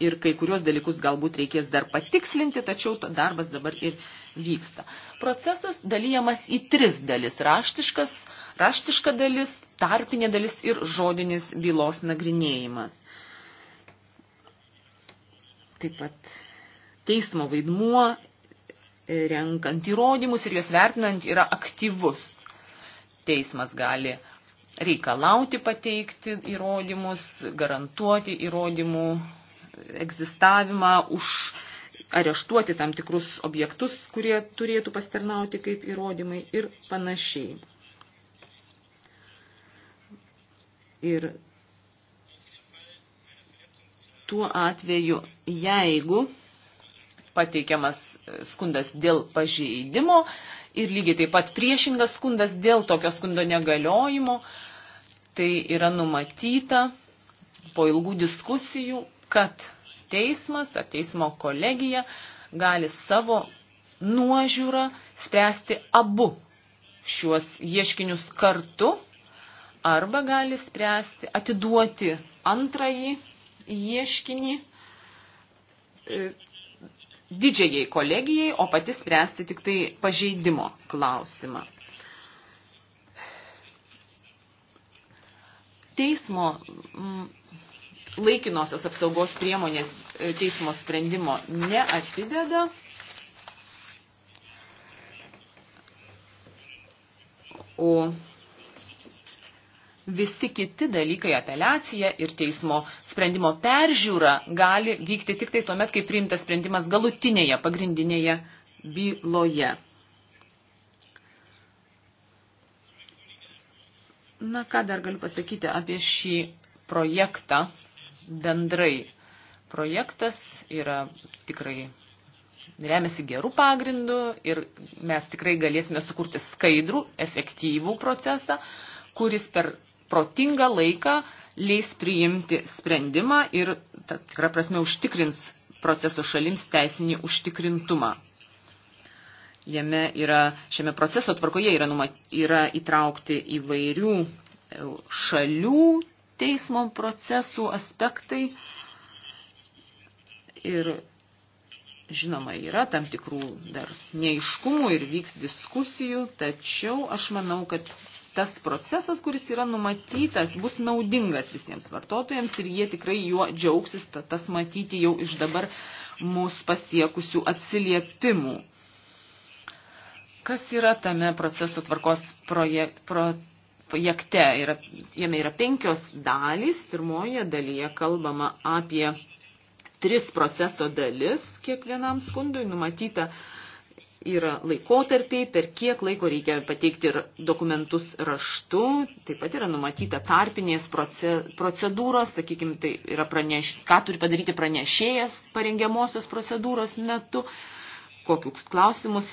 ir kai kurios dalykus galbūt reikės dar patikslinti, tačiau darbas dabar ir vyksta. Procesas dalyjamas į tris dalis – raštiškas, raštiška dalis, tarpinė dalis ir žodinis bylos nagrinėjimas. Taip pat teismo vaidmuo, e, renkant įrodymus ir juos vertinant, yra aktyvus. Teismas gali reikalauti pateikti įrodymus, garantuoti įrodymų egzistavimą, už areštuoti tam tikrus objektus, kurie turėtų pasitarnauti kaip įrodymai ir panašiai. Ir tuo atveju, jeigu pateikiamas skundas dėl pažeidimo ir lygiai taip pat priešingas skundas dėl tokio skundo negaliojimo, tai yra numatyta po ilgų diskusijų kad teismas ar teismo kolegija gali savo nuožiūrą spręsti abu šiuos ieškinius kartu arba gali spręsti atiduoti antrąjį ieškinį e, didžiajai kolegijai, o pati spręsti tik tai pažeidimo klausimą. Teismo mm, laikinosios apsaugos priemonės e, teismo sprendimo neatideda. O visi kiti dalykai, apeliacija ir teismo sprendimo peržiūra gali vykti tik tai tuomet, kai priimtas sprendimas galutinėje pagrindinėje byloje. Na, ką dar galiu pasakyti apie šį projektą bendrai. Projektas yra tikrai remiasi gerų pagrindų ir mes tikrai galėsime sukurti skaidrų, efektyvų procesą, kuris per protingą laiką leis priimti sprendimą ir, tikrą prasme, užtikrins proceso šalims teisinį užtikrintumą. Jame yra, šiame proceso tvarkoje yra, numat, yra įtraukti įvairių e, šalių, teismo procesų aspektai ir Žinoma, yra tam tikrų dar neiškumų ir vyks diskusijų, tačiau aš manau, kad tas procesas, kuris yra numatytas, bus naudingas visiems vartotojams ir jie tikrai juo džiaugsis, tas matyti jau iš dabar mūsų pasiekusių atsiliepimų. Kas yra tame proceso tvarkos proje, pro, jakte yra, jame yra penkios dalys. Pirmoje dalyje kalbama apie tris proceso dalis kiekvienam skundui numatyta yra laikotarpiai, per kiek laiko reikia pateikti ir dokumentus raštu, taip pat yra numatyta tarpinės procedūros, sakykime, tai yra praneš, ką turi padaryti pranešėjas parengiamosios procedūros metu, kokius klausimus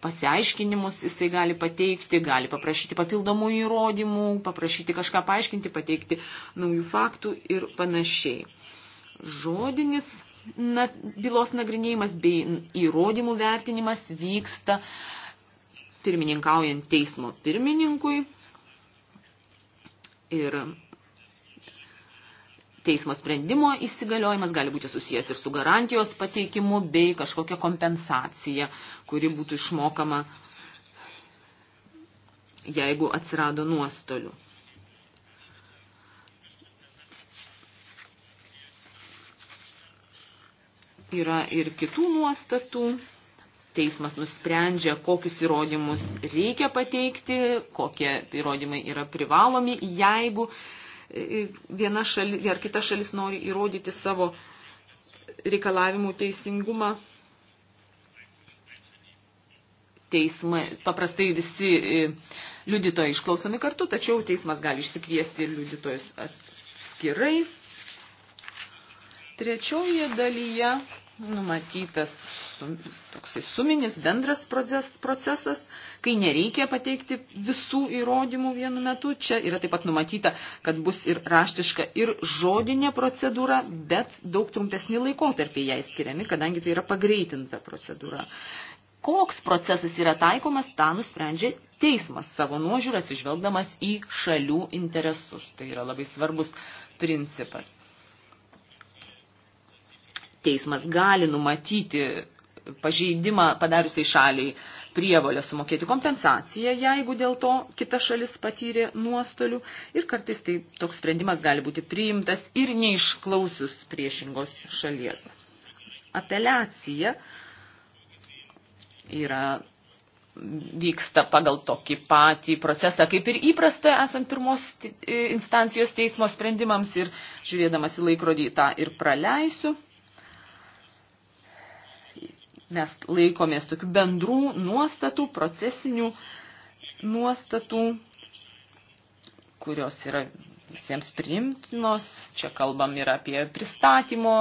pasiaiškinimus jisai gali pateikti, gali paprašyti papildomų įrodymų, paprašyti kažką paaiškinti, pateikti naujų faktų ir panašiai. Žodinis na, bylos nagrinėjimas bei įrodymų vertinimas vyksta pirmininkaujant teismo pirmininkui. Ir teismo sprendimo įsigaliojimas gali būti susijęs ir su garantijos pateikimu bei kažkokia kompensacija, kuri būtų išmokama, jeigu atsirado nuostolių. Yra ir kitų nuostatų. Teismas nusprendžia, kokius įrodymus reikia pateikti, kokie įrodymai yra privalomi, jeigu uh, viena šali, ar kita šalis nori įrodyti savo reikalavimų teisingumą. Teisma, paprastai visi liudytojai išklausomi kartu, tačiau teismas gali išsikviesti liudytojus atskirai. Trečioje dalyje numatytas toksai suminis bendras procesas, kai nereikia pateikti visų įrodymų vienu metu. Čia yra taip pat numatyta, kad bus ir raštiška, ir žodinė procedūra, bet daug trumpesni laikotarpiai jai skiriami, kadangi tai yra pagreitinta procedūra. Koks procesas yra taikomas, tą nusprendžia teismas savo nuožiūrą atsižvelgdamas į šalių interesus. Tai yra labai svarbus principas teismas gali numatyti pažeidimą padariusiai šaliai prievolę sumokėti kompensaciją, jeigu dėl to kita šalis patyrė nuostolių ir kartais tai toks sprendimas gali būti priimtas ir neišklausius priešingos šalies. Apeliacija yra vyksta pagal tokį patį procesą, kaip ir įprasta, esant pirmos e, instancijos teismo sprendimams ir žiūrėdamas į laikrodį tą ir praleisiu. Mes laikomės tokių bendrų nuostatų, procesinių nuostatų, kurios yra visiems priimtinos. Čia kalbam ir apie pristatymo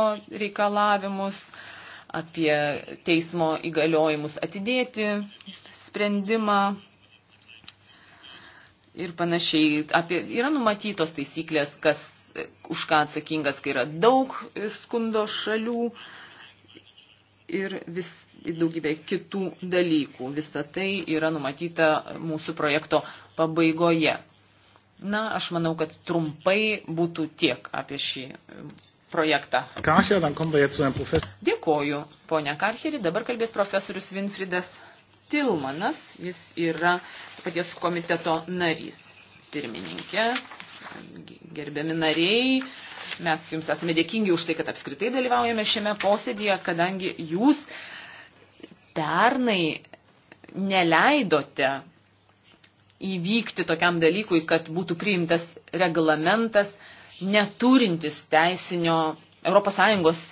reikalavimus, apie teismo įgaliojimus atidėti sprendimą ir panašiai. Apie, yra numatytos taisyklės, kas, už ką atsakingas, kai yra daug skundo šalių. Uh, ir vis daugybė kitų dalykų. Visa tai yra numatyta mūsų projekto pabaigoje. Na, aš manau, kad trumpai būtų tiek apie šį projektą. Dėkoju, ponia Karcherį. Dabar kalbės profesorius Winfriedas Tilmanas. Jis yra paties komiteto narys. Pirmininkė, gerbiami nariai, mes jums esame dėkingi už tai, kad apskritai dalyvaujame šiame posėdėje, kadangi jūs pernai neleidote įvykti tokiam dalykui, kad būtų priimtas reglamentas neturintis teisinio, ES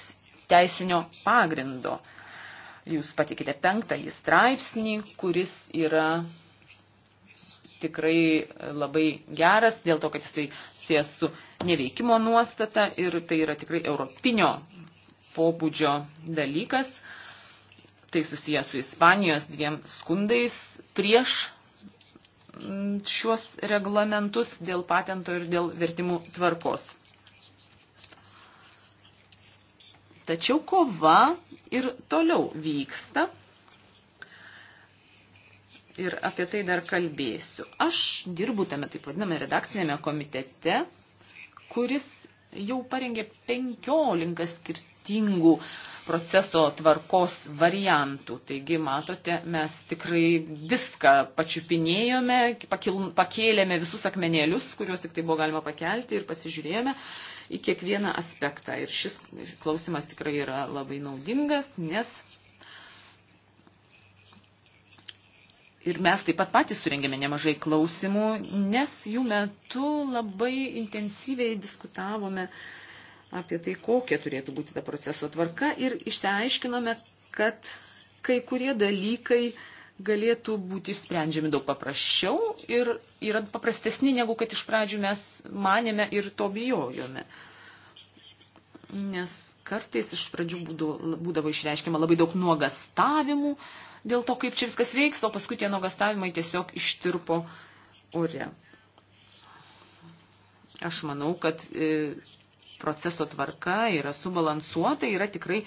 teisinio pagrindo. Jūs patikite penktąjį straipsnį, kuris yra tikrai e, labai geras, dėl to, kad jisai susijęs su neveikimo nuostata ir tai yra tikrai europinio pobūdžio dalykas. Tai susijęs su Ispanijos dviem skundais prieš šiuos reglamentus dėl patento ir dėl vertimų tvarkos. Tačiau kova ir toliau vyksta ir apie tai dar kalbėsiu. Aš dirbu tame taip vadiname redakcinėme komitete, kuris jau parengė 15 skirtingų proceso tvarkos variantų. Taigi, matote, mes tikrai viską pačiupinėjome, pakėlėme visus akmenėlius, kuriuos tik tai buvo galima pakelti ir pasižiūrėjome į kiekvieną aspektą. Ir šis klausimas tikrai yra labai naudingas, nes Ir mes taip pat patys surengėme nemažai klausimų, nes jų metu labai intensyviai diskutavome apie tai, kokia turėtų būti ta proceso tvarka ir išsiaiškinome, kad kai kurie dalykai galėtų būti sprendžiami daug paprasčiau ir yra paprastesni, negu kad iš pradžių mes manėme ir to bijojome. Nes kartais iš pradžių būdavo išreiškiama labai daug nuogastavimų, dėl to, kaip čia viskas veiks, o paskui tie nuogastavimai tiesiog ištirpo ore. Aš manau, kad e, proceso tvarka yra subalansuota, yra tikrai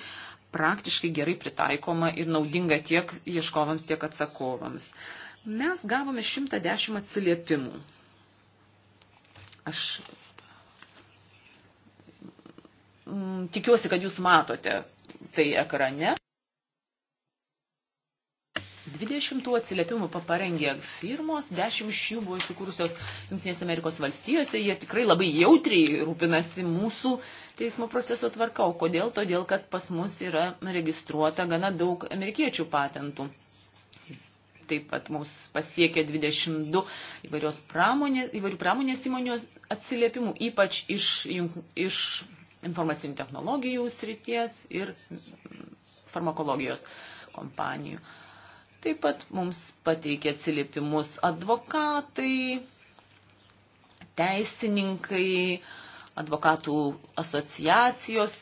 praktiškai gerai pritaikoma ir naudinga tiek ieškovams, tiek atsakovams. Mes gavome 110 atsiliepimų. Aš mm, tikiuosi, kad jūs matote tai ekrane. 20 tų atsiliepimų parengė firmos, 10 iš jų buvo įsikūrusios Junktinės Amerikos valstijose, jie tikrai labai jautriai rūpinasi mūsų teismo proceso tvarka. O kodėl? Todėl, kad pas mus yra registruota gana daug amerikiečių patentų. Taip pat mus pasiekė 22 įvairios pramonės, įvairių pramonės įmonių atsiliepimų, ypač iš, iš informacinių technologijų srities ir farmakologijos kompanijų. Uh, Taip pat mums pateikė atsiliepimus advokatai, teisininkai, advokatų asociacijos,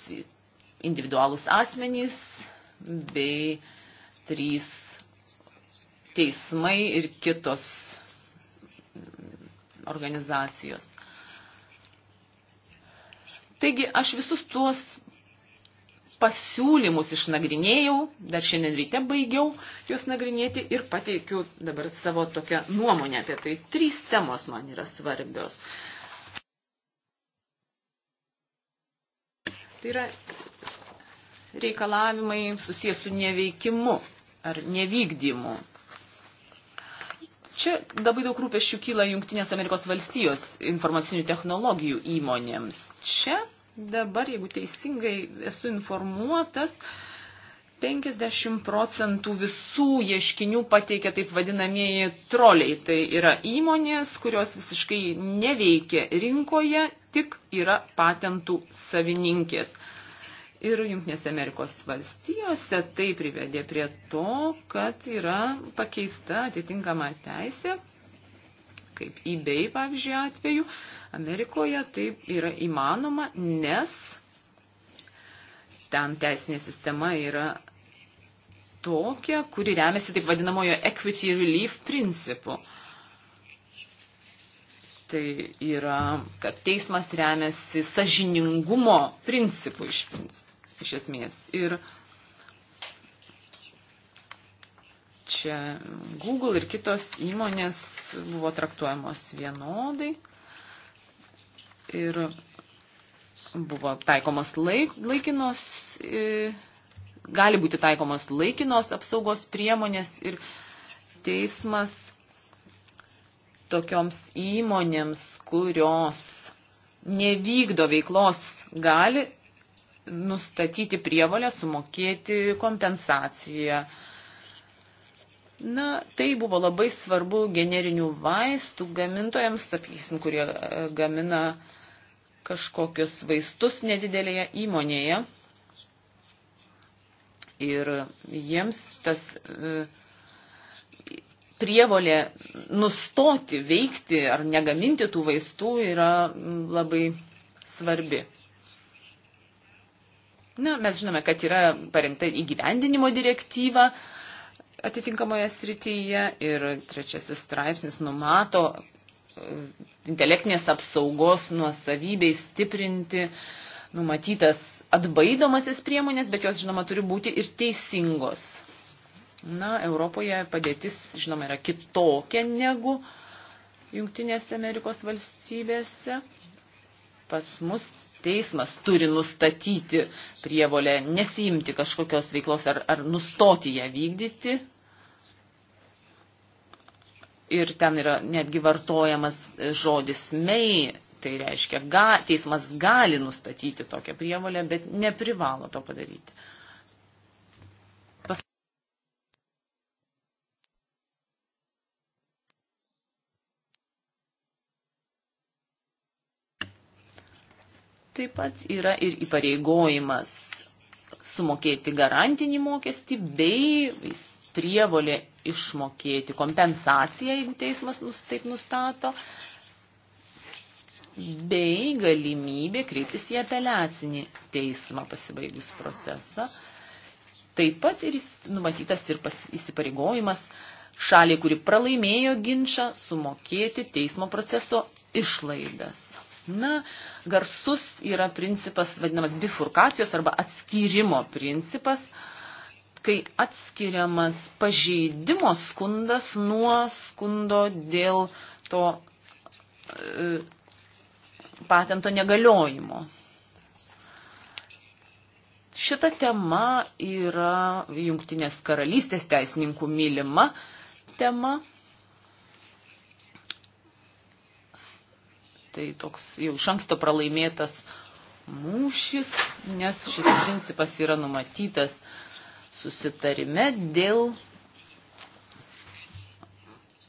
individualūs asmenys bei trys teismai ir kitos organizacijos. Taigi aš visus tuos pasiūlymus išnagrinėjau, dar šiandien ryte baigiau juos nagrinėti ir pateikiu dabar savo tokią nuomonę apie tai. Trys temos man yra svarbios. Tai yra reikalavimai susijęs su neveikimu ar nevykdymu. Čia labai daug rūpešių kyla Junktinės Amerikos valstijos informacinių technologijų įmonėms. Čia Dabar, jeigu teisingai esu informuotas, 50 procentų visų ieškinių pateikia taip vadinamieji troliai. Tai yra įmonės, kurios visiškai neveikia rinkoje, tik yra patentų savininkės. Ir Junktinėse Amerikos valstijose tai privedė prie to, kad yra pakeista atitinkama teisė, kaip eBay pavyzdžiui atveju, Amerikoje tai yra įmanoma, nes ten teisinė sistema yra tokia, kuri remiasi taip vadinamojo equity relief principu. Tai yra, kad teismas remiasi sažiningumo principu iš, iš esmės. Ir uh, čia Google ir kitos įmonės buvo traktuojamos vienodai ir buvo taikomos laik, laikinos, e, gali būti taikomos laikinos apsaugos priemonės ir teismas tokioms įmonėms, kurios nevykdo veiklos, gali nustatyti prievalę sumokėti kompensaciją uh, Na, tai buvo labai svarbu generinių vaistų gamintojams, sakysim, kurie e, gamina kažkokius vaistus nedidelėje įmonėje. Ir jiems tas e, prievolė nustoti veikti ar negaminti tų vaistų yra labai svarbi. Na, mes žinome, kad yra parengta įgyvendinimo direktyva, atitinkamoje srityje ir trečiasis straipsnis numato e, intelektinės apsaugos nuosavybei stiprinti numatytas atbaidomasis priemonės, bet jos, žinoma, turi būti ir teisingos. Na, Europoje padėtis, žinoma, yra kitokia negu Jungtinėse Amerikos valstybėse. Pas mus teismas turi nustatyti prievolę nesiimti kažkokios veiklos ar, ar nustoti ją vykdyti, ir ten yra netgi vartojamas žodis mei, tai reiškia, ga, teismas gali nustatyti tokią prievalę, bet neprivalo to padaryti. Pas... Taip pat yra ir įpareigojimas sumokėti garantinį mokestį bei prievolė išmokėti kompensaciją, jeigu teismas taip nustato, bei galimybė kreiptis į apeliacinį teismą pasibaigus procesą. Taip pat ir numatytas ir pas, įsipareigojimas šaliai, kuri pralaimėjo ginčą, sumokėti teismo proceso išlaidas. Na, garsus yra principas vadinamas bifurkacijos arba atskyrimo principas, uh, kai atskiriamas pažeidimo skundas nuo skundo dėl to e, patento negaliojimo. Šita tema yra Jungtinės karalystės teisininkų mylima tema. Tai toks jau iš anksto pralaimėtas mūšis, nes šis principas yra numatytas susitarime dėl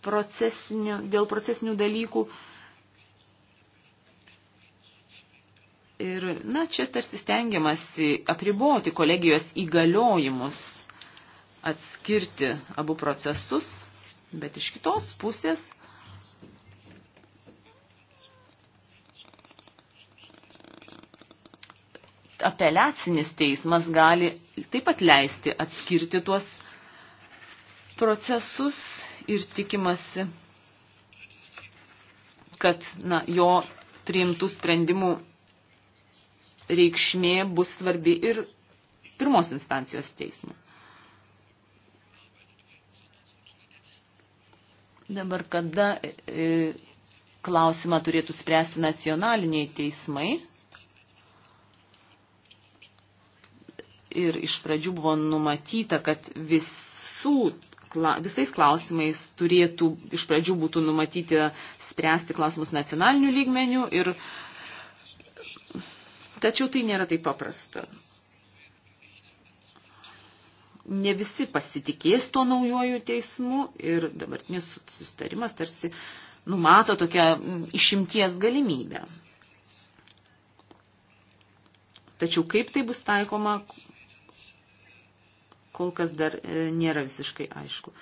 procesinių, dėl procesinių dalykų. Ir, na, čia tarsi stengiamasi apriboti kolegijos įgaliojimus, atskirti abu procesus, bet iš kitos pusės apeliacinis teismas gali taip pat leisti atskirti tuos procesus ir tikimasi, kad na, jo priimtų sprendimų reikšmė bus svarbi ir pirmos instancijos teismui. Dabar kada e, e klausimą turėtų spręsti nacionaliniai teismai, ir iš pradžių buvo numatyta, kad visų, visais klausimais turėtų iš pradžių būtų numatyti spręsti klausimus nacionalinių lygmenių ir tačiau tai nėra taip paprasta. Ne visi pasitikės tuo naujoju teismu ir dabartinis susitarimas tarsi numato tokią išimties galimybę. Tačiau kaip tai bus taikoma, kol kas dar e, nėra visiškai aišku.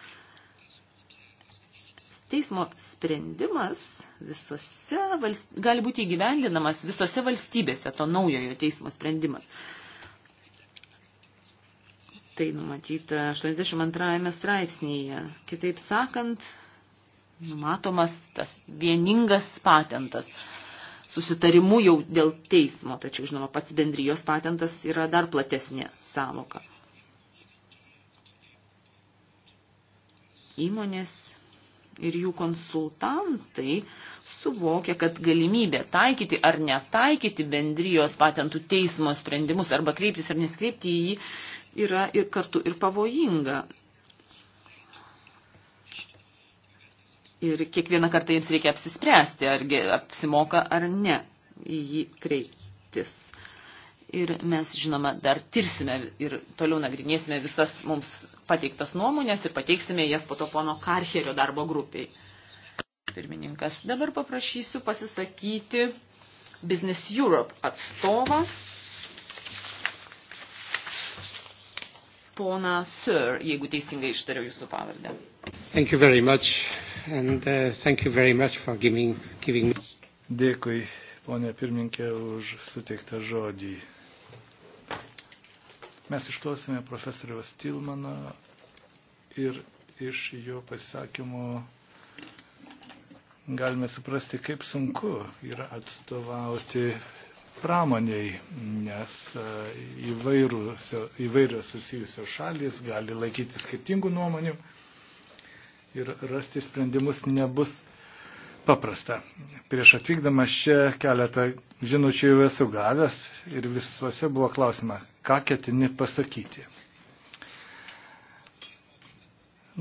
Teismo sprendimas visose valst... gali būti įgyvendinamas visose valstybėse, to naujojo teismo sprendimas. Tai numatyta 82 straipsnėje. Kitaip sakant, numatomas tas vieningas patentas susitarimu jau dėl teismo, tačiau, žinoma, pats bendrijos patentas yra dar platesnė savoka. Įmonės ir jų konsultantai suvokia, kad galimybė taikyti ar netaikyti bendrijos patentų teismo sprendimus arba kreiptis ar neskreipti į jį yra ir kartu ir pavojinga. Ir kiekvieną kartą jiems reikia apsispręsti, ar apsimoka ar ne į jį kreiptis. Ir mes, žinoma, dar tirsime ir toliau nagrinėsime visas mums pateiktas nuomonės ir pateiksime jas po to pono Karcherio darbo grupiai. Pirmininkas, dabar paprašysiu pasisakyti Business Europe atstovą. Pona Sir, jeigu teisingai ištariau jūsų pavardę. Thank you very much and uh, thank you very much for giving, giving me. Dėkui, ponė pirminkė, už suteiktą žodį. Mes išklausėme profesoriaus Tilmaną ir iš jo pasisakymų galime suprasti, kaip sunku yra atstovauti pramoniai, nes e, įvairios susijusios šalis gali laikyti skirtingų nuomonių ir rasti sprendimus nebus paprasta. Prieš atvykdamas čia keletą žinučių jau esu gavęs ir visuose buvo klausima, ką ketini pasakyti.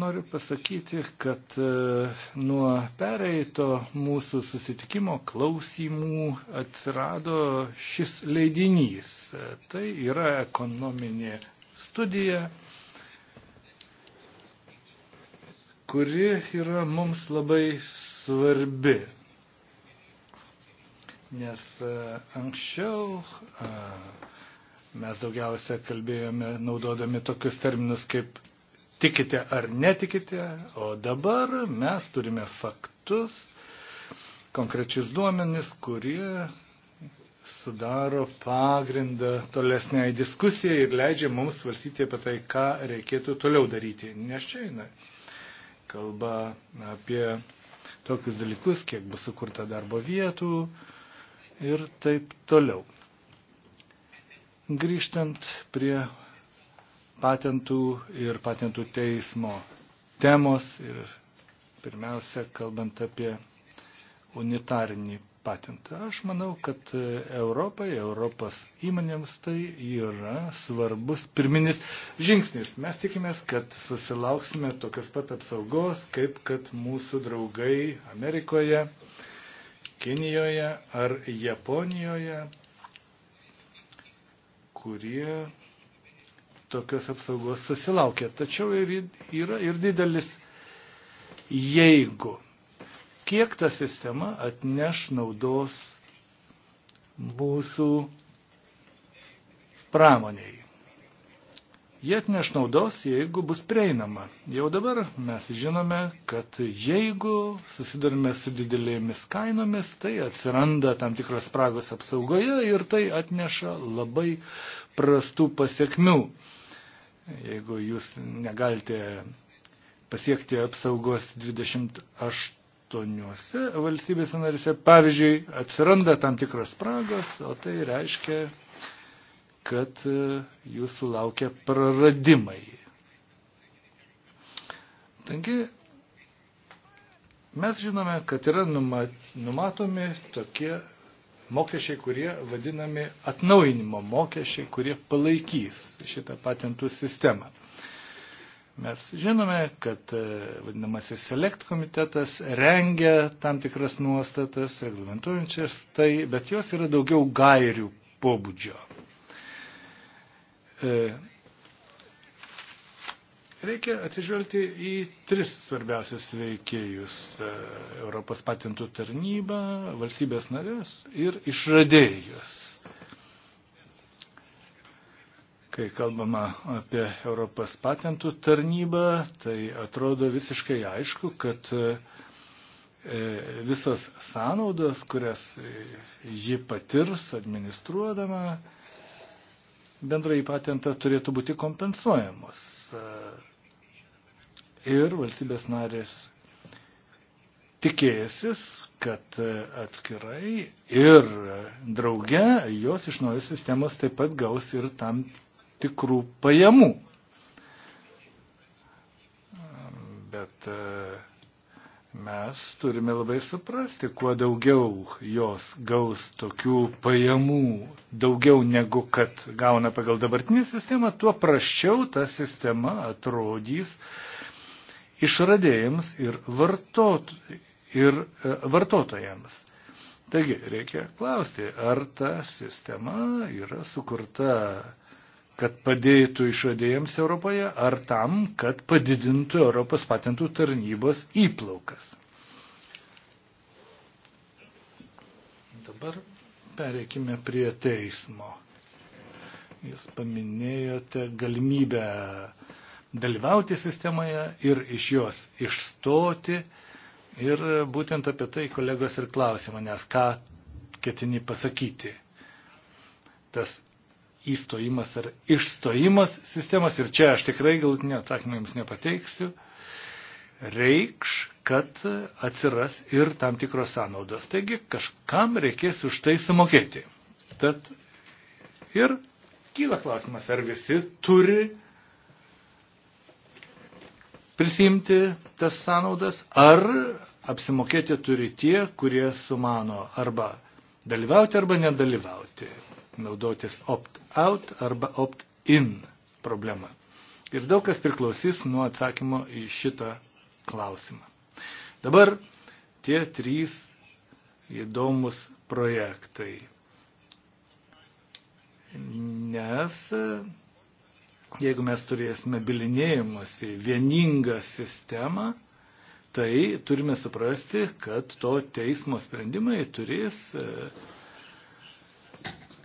Noriu pasakyti, kad e, nuo pereito mūsų susitikimo klausimų atsirado šis leidinys. E, tai yra ekonominė studija kuri yra mums labai svarbi. Nes e, anksčiau e, mes daugiausia kalbėjome naudodami tokius terminus kaip tikite ar netikite, o dabar mes turime faktus, konkrečius duomenis, kurie sudaro pagrindą tolesniai diskusijai ir leidžia mums svarstyti apie tai, ką reikėtų toliau daryti. Nes čia eina kalba apie tokius dalykus, kiek bus sukurta darbo vietų ir taip toliau. Grįžtant prie patentų ir patentų teismo temos ir pirmiausia, kalbant apie unitarinį patentą. Aš manau, kad e, Europai, Europos įmonėms tai yra svarbus pirminis žingsnis. Mes tikimės, kad susilauksime tokios pat apsaugos, kaip kad mūsų draugai Amerikoje, Kinijoje ar Japonijoje, kurie tokios apsaugos susilaukia. Tačiau ir, yra ir didelis jeigu kiek ta sistema atneš naudos mūsų pramoniai. Jie atneš naudos, jeigu bus prieinama. Jau dabar mes žinome, kad jeigu susidurime su didelėmis kainomis, tai atsiranda tam tikros spragos apsaugoje ir tai atneša labai prastų pasiekmių. Jeigu jūs negalite pasiekti apsaugos 28 aštuoniuose valstybėse narise, pavyzdžiui, atsiranda tam tikros spragos, o tai reiškia, kad e, jūsų laukia praradimai. Taigi, mes žinome, kad yra numatomi tokie mokesčiai, kurie vadinami atnaujinimo mokesčiai, kurie palaikys šitą patentų sistemą. Mes žinome, kad e, vadinamasis select komitetas rengia tam tikras nuostatas, reglamentuojančias tai, bet jos yra daugiau gairių pobūdžio. E, reikia atsižvelgti į tris svarbiausius veikėjus e, - Europos patentų tarnybą, valstybės narės ir išradėjus. Kai kalbama apie Europos patentų tarnybą, tai atrodo visiškai aišku, kad e, e, visos sąnaudos, kurias e, ji patirs administruodama, bendrai patentą turėtų būti kompensuojamos. Ir valstybės narės tikėsis, kad atskirai ir drauge jos iš naujos sistemos taip pat gaus ir tam tikrų pajamų. Bet e, mes turime labai suprasti, kuo daugiau jos gaus tokių pajamų, daugiau negu kad gauna pagal dabartinį sistemą, tuo praščiau ta sistema atrodys išradėjams ir, vartot, ir e, vartotojams. Taigi, reikia klausti, ar ta sistema yra sukurta kad padėtų išradėjams Europoje, ar tam, kad padidintų Europos patentų tarnybos įplaukas. Dabar pereikime prie teismo. Jūs paminėjote galimybę dalyvauti sistemoje ir iš jos išstoti. Ir būtent apie tai kolegos ir klausimą, nes ką ketini pasakyti. Tas įstojimas ar išstojimas sistemas, ir čia aš tikrai galutinio atsakymą jums nepateiksiu, reikš, kad atsiras ir tam tikros sąnaudos. Taigi kažkam reikės už tai sumokėti. Tad ir kyla klausimas, ar visi turi prisimti tas sąnaudas, ar apsimokėti turi tie, kurie sumano arba dalyvauti arba nedalyvauti naudotis opt-out arba opt-in problema. Ir daug kas priklausys nuo atsakymo į šitą klausimą. Dabar tie trys įdomus projektai. Nes jeigu mes turėsime bilinėjimuose vieningą sistemą, tai turime suprasti, kad to teismo sprendimai turės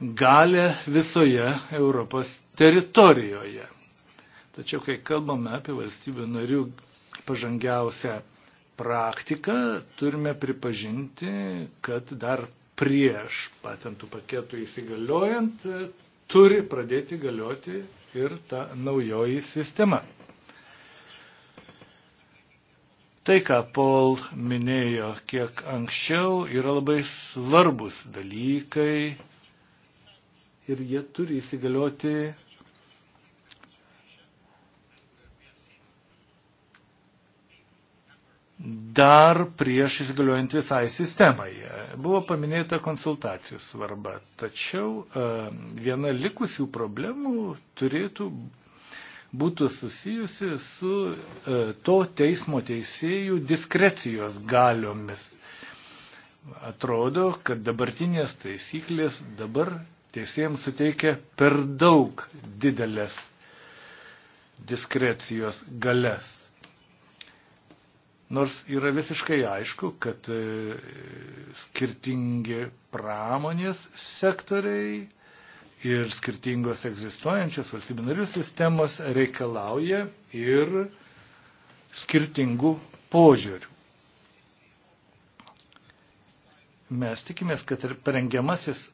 galę visoje Europos teritorijoje. Tačiau, kai kalbame apie valstybių narių pažangiausią praktiką, turime pripažinti, kad dar prieš patentų paketų įsigaliojant turi pradėti galioti ir ta naujoji sistema. Tai, ką Paul minėjo kiek anksčiau, yra labai svarbus dalykai, ir jie turi įsigalioti dar prieš įsigaliojant visai sistemai. Buvo paminėta konsultacijų svarba, tačiau e, viena likusių problemų turėtų būtų susijusi su e, to teismo teisėjų diskrecijos galiomis. Atrodo, kad dabartinės taisyklės dabar teisėjams suteikia per daug didelės diskrecijos galės. Nors yra visiškai aišku, kad e, skirtingi pramonės sektoriai ir skirtingos egzistuojančios valstybinarių sistemos reikalauja ir skirtingų požiūrių. Mes tikimės, kad ir parengiamasis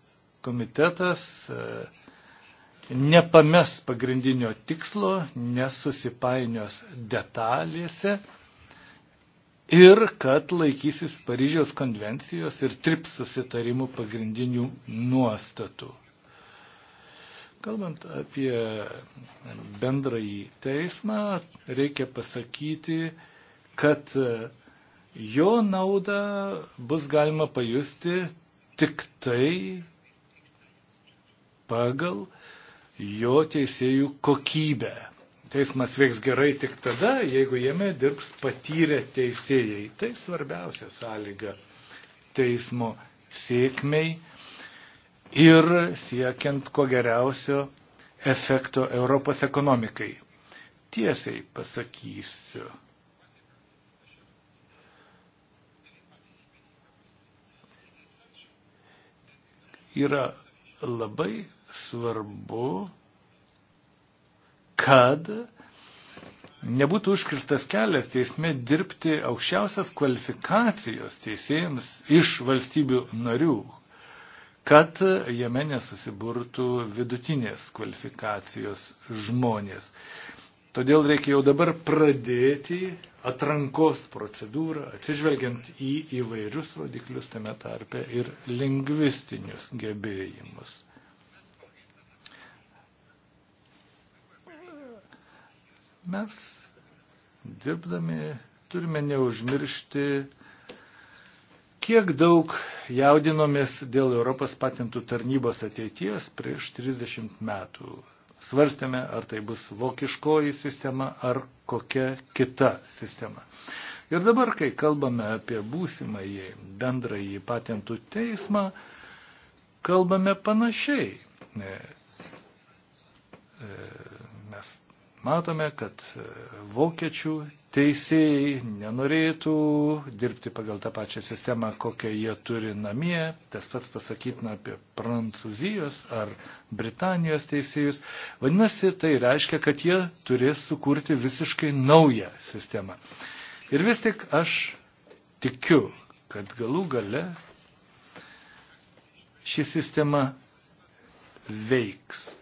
komitetas e, nepames pagrindinio tikslo, nesusipainios detalėse ir kad laikysis Paryžiaus konvencijos ir trips susitarimų pagrindinių nuostatų. Kalbant apie bendrąjį teismą, reikia pasakyti, kad jo naudą bus galima pajusti tik tai pagal jo teisėjų kokybę. Teismas veiks gerai tik tada, jeigu jame dirbs patyrę teisėjai. Tai svarbiausia sąlyga teismo sėkmei ir siekiant kuo geriausio efekto Europos ekonomikai. Tiesiai pasakysiu. Yra labai svarbu, kad nebūtų užkirstas kelias teisme dirbti aukščiausias kvalifikacijos teisėjams iš valstybių narių, kad jame nesusiburtų vidutinės kvalifikacijos žmonės. Todėl reikia jau dabar pradėti atrankos procedūrą, atsižvelgiant į įvairius rodiklius, tame tarpe ir lingvistinius gebėjimus. Mes dirbdami turime neužmiršti, kiek daug jaudinomės dėl Europos patentų tarnybos ateities prieš 30 metų. Svarstėme, ar tai bus vokiškoji sistema ar kokia kita sistema. Ir dabar, kai kalbame apie būsimąjį bendrąjį patentų teismą, kalbame panašiai. E, e, Matome, kad e, vokiečių teisėjai nenorėtų dirbti pagal tą pačią sistemą, kokią jie turi namie. Tas pats pasakytina apie prancūzijos ar britanijos teisėjus. Vadinasi, tai reiškia, kad jie turės sukurti visiškai naują sistemą. Ir vis tik aš tikiu, kad galų gale ši sistema veiks.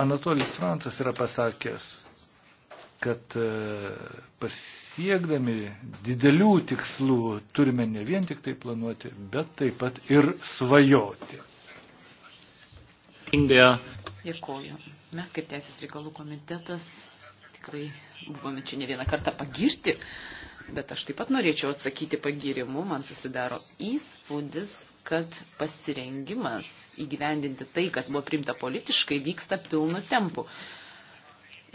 Anatolis Francas yra pasakęs, kad e, pasiekdami didelių tikslų turime ne vien tik tai planuoti, bet taip pat ir svajoti. Indija. Dėkoju. Mes kaip Teisės reikalų komitetas tikrai buvome čia ne vieną kartą pagirti Bet aš taip pat norėčiau atsakyti pagirimu, man susidaro įspūdis, kad pasirengimas įgyvendinti tai, kas buvo primta politiškai, vyksta pilnu tempu.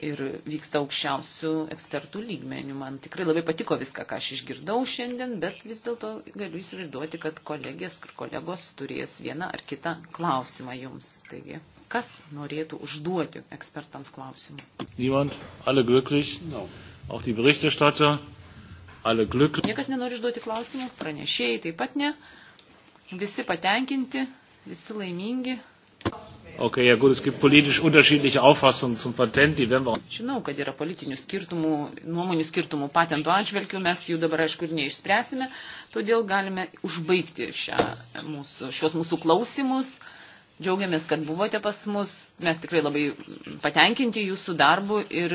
Ir vyksta aukščiausių ekspertų lygmenių. Man tikrai labai patiko viską, ką aš išgirdau šiandien, bet vis dėlto galiu įsivaizduoti, kad kolegės ir kolegos turės vieną ar kitą klausimą jums. Taigi, kas norėtų užduoti ekspertams klausimą? Niemand, alle glücklich, no. auch die Berichterstatter. Niekas nenori užduoti klausimų, pranešėjai taip pat ne. Visi patenkinti, visi laimingi. Okay, ja gut, es gibt politisch unterschiedliche Auffassungen zum Patent, die werden wir... Žinau, kad yra politinių skirtumų, nuomonių skirtumų patentų atžvelgių, mes jų dabar aišku ir neišspręsime, todėl galime užbaigti šią mūsų, šios mūsų klausimus. Džiaugiamės, kad buvote pas mus, mes tikrai labai patenkinti jūsų darbu ir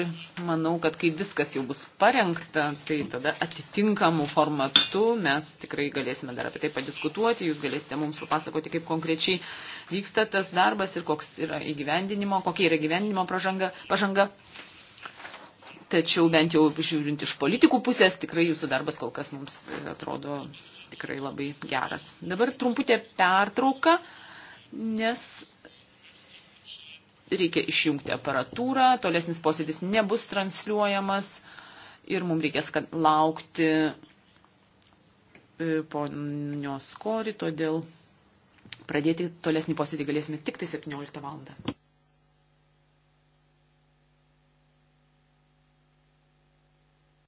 manau, kad kai viskas jau bus parengta, tai tada atitinkamų formatų mes tikrai galėsime dar apie tai padiskutuoti, jūs galėsite mums papasakoti, kaip konkrečiai vyksta tas darbas ir koks yra įgyvendinimo, kokia yra įgyvendinimo pažanga. pažanga. Tačiau bent jau žiūrint iš politikų pusės, tikrai jūsų darbas kol kas mums atrodo tikrai labai geras. Dabar trumputė pertrauka nes reikia išjungti aparatūrą, tolesnis posėdis nebus transliuojamas ir mums reikės laukti e, ponios Kori, todėl pradėti tolesnį posėdį galėsime tik tai 17 valandą.